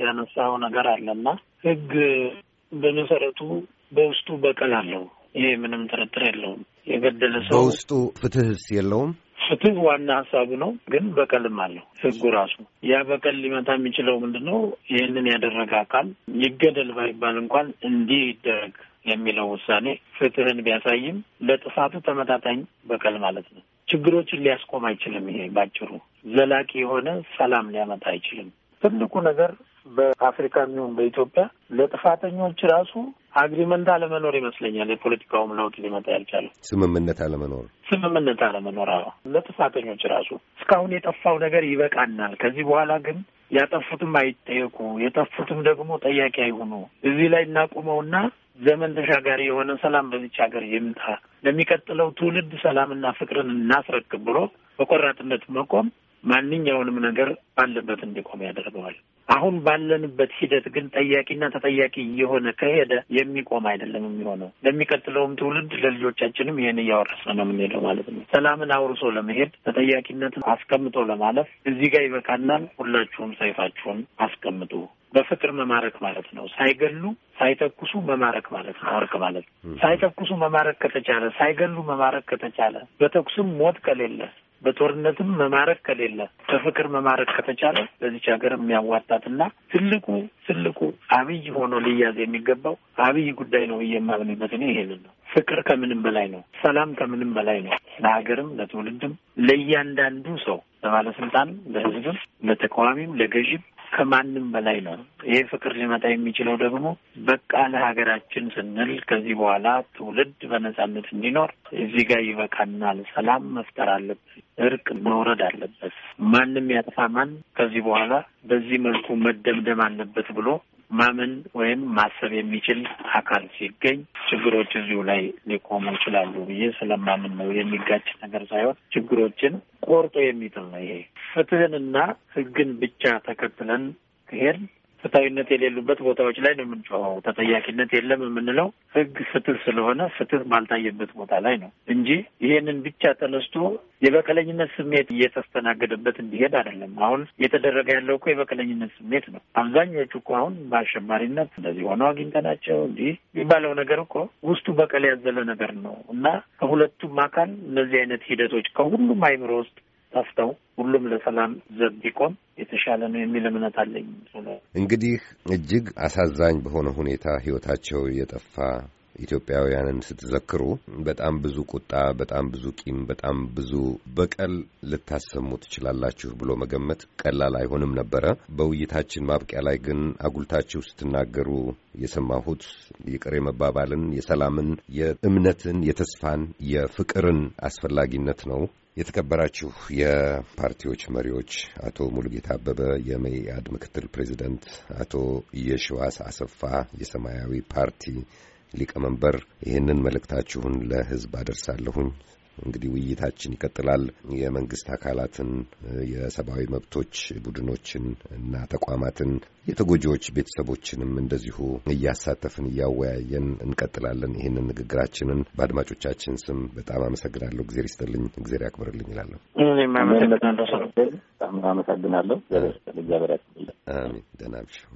ያነሳው ነገር አለና ህግ በመሰረቱ በውስጡ በቀል አለው። ይሄ ምንም ጥርጥር የለውም። የገደለ ሰው በውስጡ ፍትህስ የለውም? ፍትህ ዋና ሀሳቡ ነው፣ ግን በቀልም አለው ህጉ ራሱ። ያ በቀል ሊመታ የሚችለው ምንድን ነው? ይህንን ያደረገ አካል ይገደል ባይባል እንኳን እንዲህ ይደረግ የሚለው ውሳኔ ፍትህን ቢያሳይም ለጥፋቱ ተመጣጣኝ በቀል ማለት ነው። ችግሮችን ሊያስቆም አይችልም። ይሄ ባጭሩ ዘላቂ የሆነ ሰላም ሊያመጣ አይችልም። ትልቁ ነገር በአፍሪካ የሚሆን በኢትዮጵያ ለጥፋተኞች ራሱ አግሪመንት አለመኖር ይመስለኛል የፖለቲካውም ለውጥ ሊመጣ ያልቻለ ስምምነት አለመኖር ስምምነት አለመኖር አዎ ለጥፋተኞች ራሱ እስካሁን የጠፋው ነገር ይበቃናል ከዚህ በኋላ ግን ያጠፉትም አይጠየቁ የጠፉትም ደግሞ ጠያቂ አይሆኑ እዚህ ላይ እናቁመውና ዘመን ተሻጋሪ የሆነ ሰላም በዚች ሀገር ይምጣ ለሚቀጥለው ትውልድ ሰላምና ፍቅርን እናስረክብ ብሎ በቆራጥነት መቆም ማንኛውንም ነገር ባለበት እንዲቆም ያደርገዋል አሁን ባለንበት ሂደት ግን ጠያቂና ተጠያቂ እየሆነ ከሄደ የሚቆም አይደለም የሚሆነው። ለሚቀጥለውም ትውልድ ለልጆቻችንም ይህን እያወረሰ ነው የምንሄደው ማለት ነው። ሰላምን አውርሶ ለመሄድ ተጠያቂነትን አስቀምጦ ለማለፍ እዚህ ጋር ይበቃናል። ሁላችሁም ሰይፋችሁን አስቀምጡ። በፍቅር መማረክ ማለት ነው። ሳይገሉ ሳይተኩሱ መማረክ ማለት ነው። እርቅ ማለት ነው። ሳይተኩሱ መማረክ ከተቻለ፣ ሳይገሉ መማረክ ከተቻለ፣ በተኩስም ሞት ከሌለ በጦርነትም መማረክ ከሌለ በፍቅር መማረክ ከተቻለ በዚች ሀገር የሚያዋጣትና ትልቁ ትልቁ አብይ ሆኖ ሊያዝ የሚገባው አብይ ጉዳይ ነው እየማምንበት ነው። ይሄንን ነው። ፍቅር ከምንም በላይ ነው። ሰላም ከምንም በላይ ነው። ለሀገርም፣ ለትውልድም፣ ለእያንዳንዱ ሰው፣ ለባለስልጣንም፣ ለህዝብም፣ ለተቃዋሚም፣ ለገዥም ከማንም በላይ ነው። ይሄ ፍቅር ሊመጣ የሚችለው ደግሞ በቃ ለሀገራችን ስንል ከዚህ በኋላ ትውልድ በነጻነት እንዲኖር እዚህ ጋር ይበቃናል፣ ሰላም መፍጠር አለበት፣ እርቅ መውረድ አለበት፣ ማንም ያጠፋ ማን ከዚህ በኋላ በዚህ መልኩ መደምደም አለበት ብሎ ማመን ወይም ማሰብ የሚችል አካል ሲገኝ ችግሮች እዚሁ ላይ ሊቆሙ ይችላሉ ብዬ ስለማምን ነው። የሚጋጭ ነገር ሳይሆን ችግሮችን ቆርጦ የሚጥል ነው። ይሄ ፍትህንና ህግን ብቻ ተከትለን ከሄድ ፍትሐዊነት የሌሉበት ቦታዎች ላይ ነው የምንጮኸው። ተጠያቂነት የለም የምንለው ህግ ፍትህ ስለሆነ ፍትህ ባልታየበት ቦታ ላይ ነው እንጂ ይሄንን ብቻ ተነስቶ የበቀለኝነት ስሜት እየተስተናገደበት እንዲሄድ አይደለም። አሁን እየተደረገ ያለው እኮ የበቀለኝነት ስሜት ነው። አብዛኞቹ እኮ አሁን በአሸማሪነት እንደዚህ ሆነው አግኝተናቸው እንዲህ የሚባለው ነገር እኮ ውስጡ በቀል ያዘለ ነገር ነው እና ከሁለቱም አካል እነዚህ አይነት ሂደቶች ከሁሉም አይምሮ ውስጥ ጠፍተው ሁሉም ለሰላም ዘብ ቢቆም የተሻለ ነው የሚል እምነት አለኝ። እንግዲህ እጅግ አሳዛኝ በሆነ ሁኔታ ህይወታቸው የጠፋ ኢትዮጵያውያንን ስትዘክሩ በጣም ብዙ ቁጣ፣ በጣም ብዙ ቂም፣ በጣም ብዙ በቀል ልታሰሙ ትችላላችሁ ብሎ መገመት ቀላል አይሆንም ነበረ። በውይይታችን ማብቂያ ላይ ግን አጉልታችሁ ስትናገሩ የሰማሁት ይቅር የመባባልን፣ የሰላምን፣ የእምነትን፣ የተስፋን፣ የፍቅርን አስፈላጊነት ነው። የተከበራችሁ የፓርቲዎች መሪዎች፣ አቶ ሙሉጌታ አበበ የመኢአድ ምክትል ፕሬዚደንት፣ አቶ የሽዋስ አሰፋ የሰማያዊ ፓርቲ ሊቀመንበር፣ ይህንን መልእክታችሁን ለሕዝብ አደርሳለሁኝ። እንግዲህ ውይይታችን ይቀጥላል። የመንግስት አካላትን፣ የሰብአዊ መብቶች ቡድኖችን እና ተቋማትን፣ የተጎጂዎች ቤተሰቦችንም እንደዚሁ እያሳተፍን እያወያየን እንቀጥላለን። ይህንን ንግግራችንን በአድማጮቻችን ስም በጣም አመሰግናለሁ። እግዜር ይስጥልኝ፣ እግዜር ያክብርልኝ ይላለሁ። አመሰግናለሁ። አሜን። ደህና እምሽው።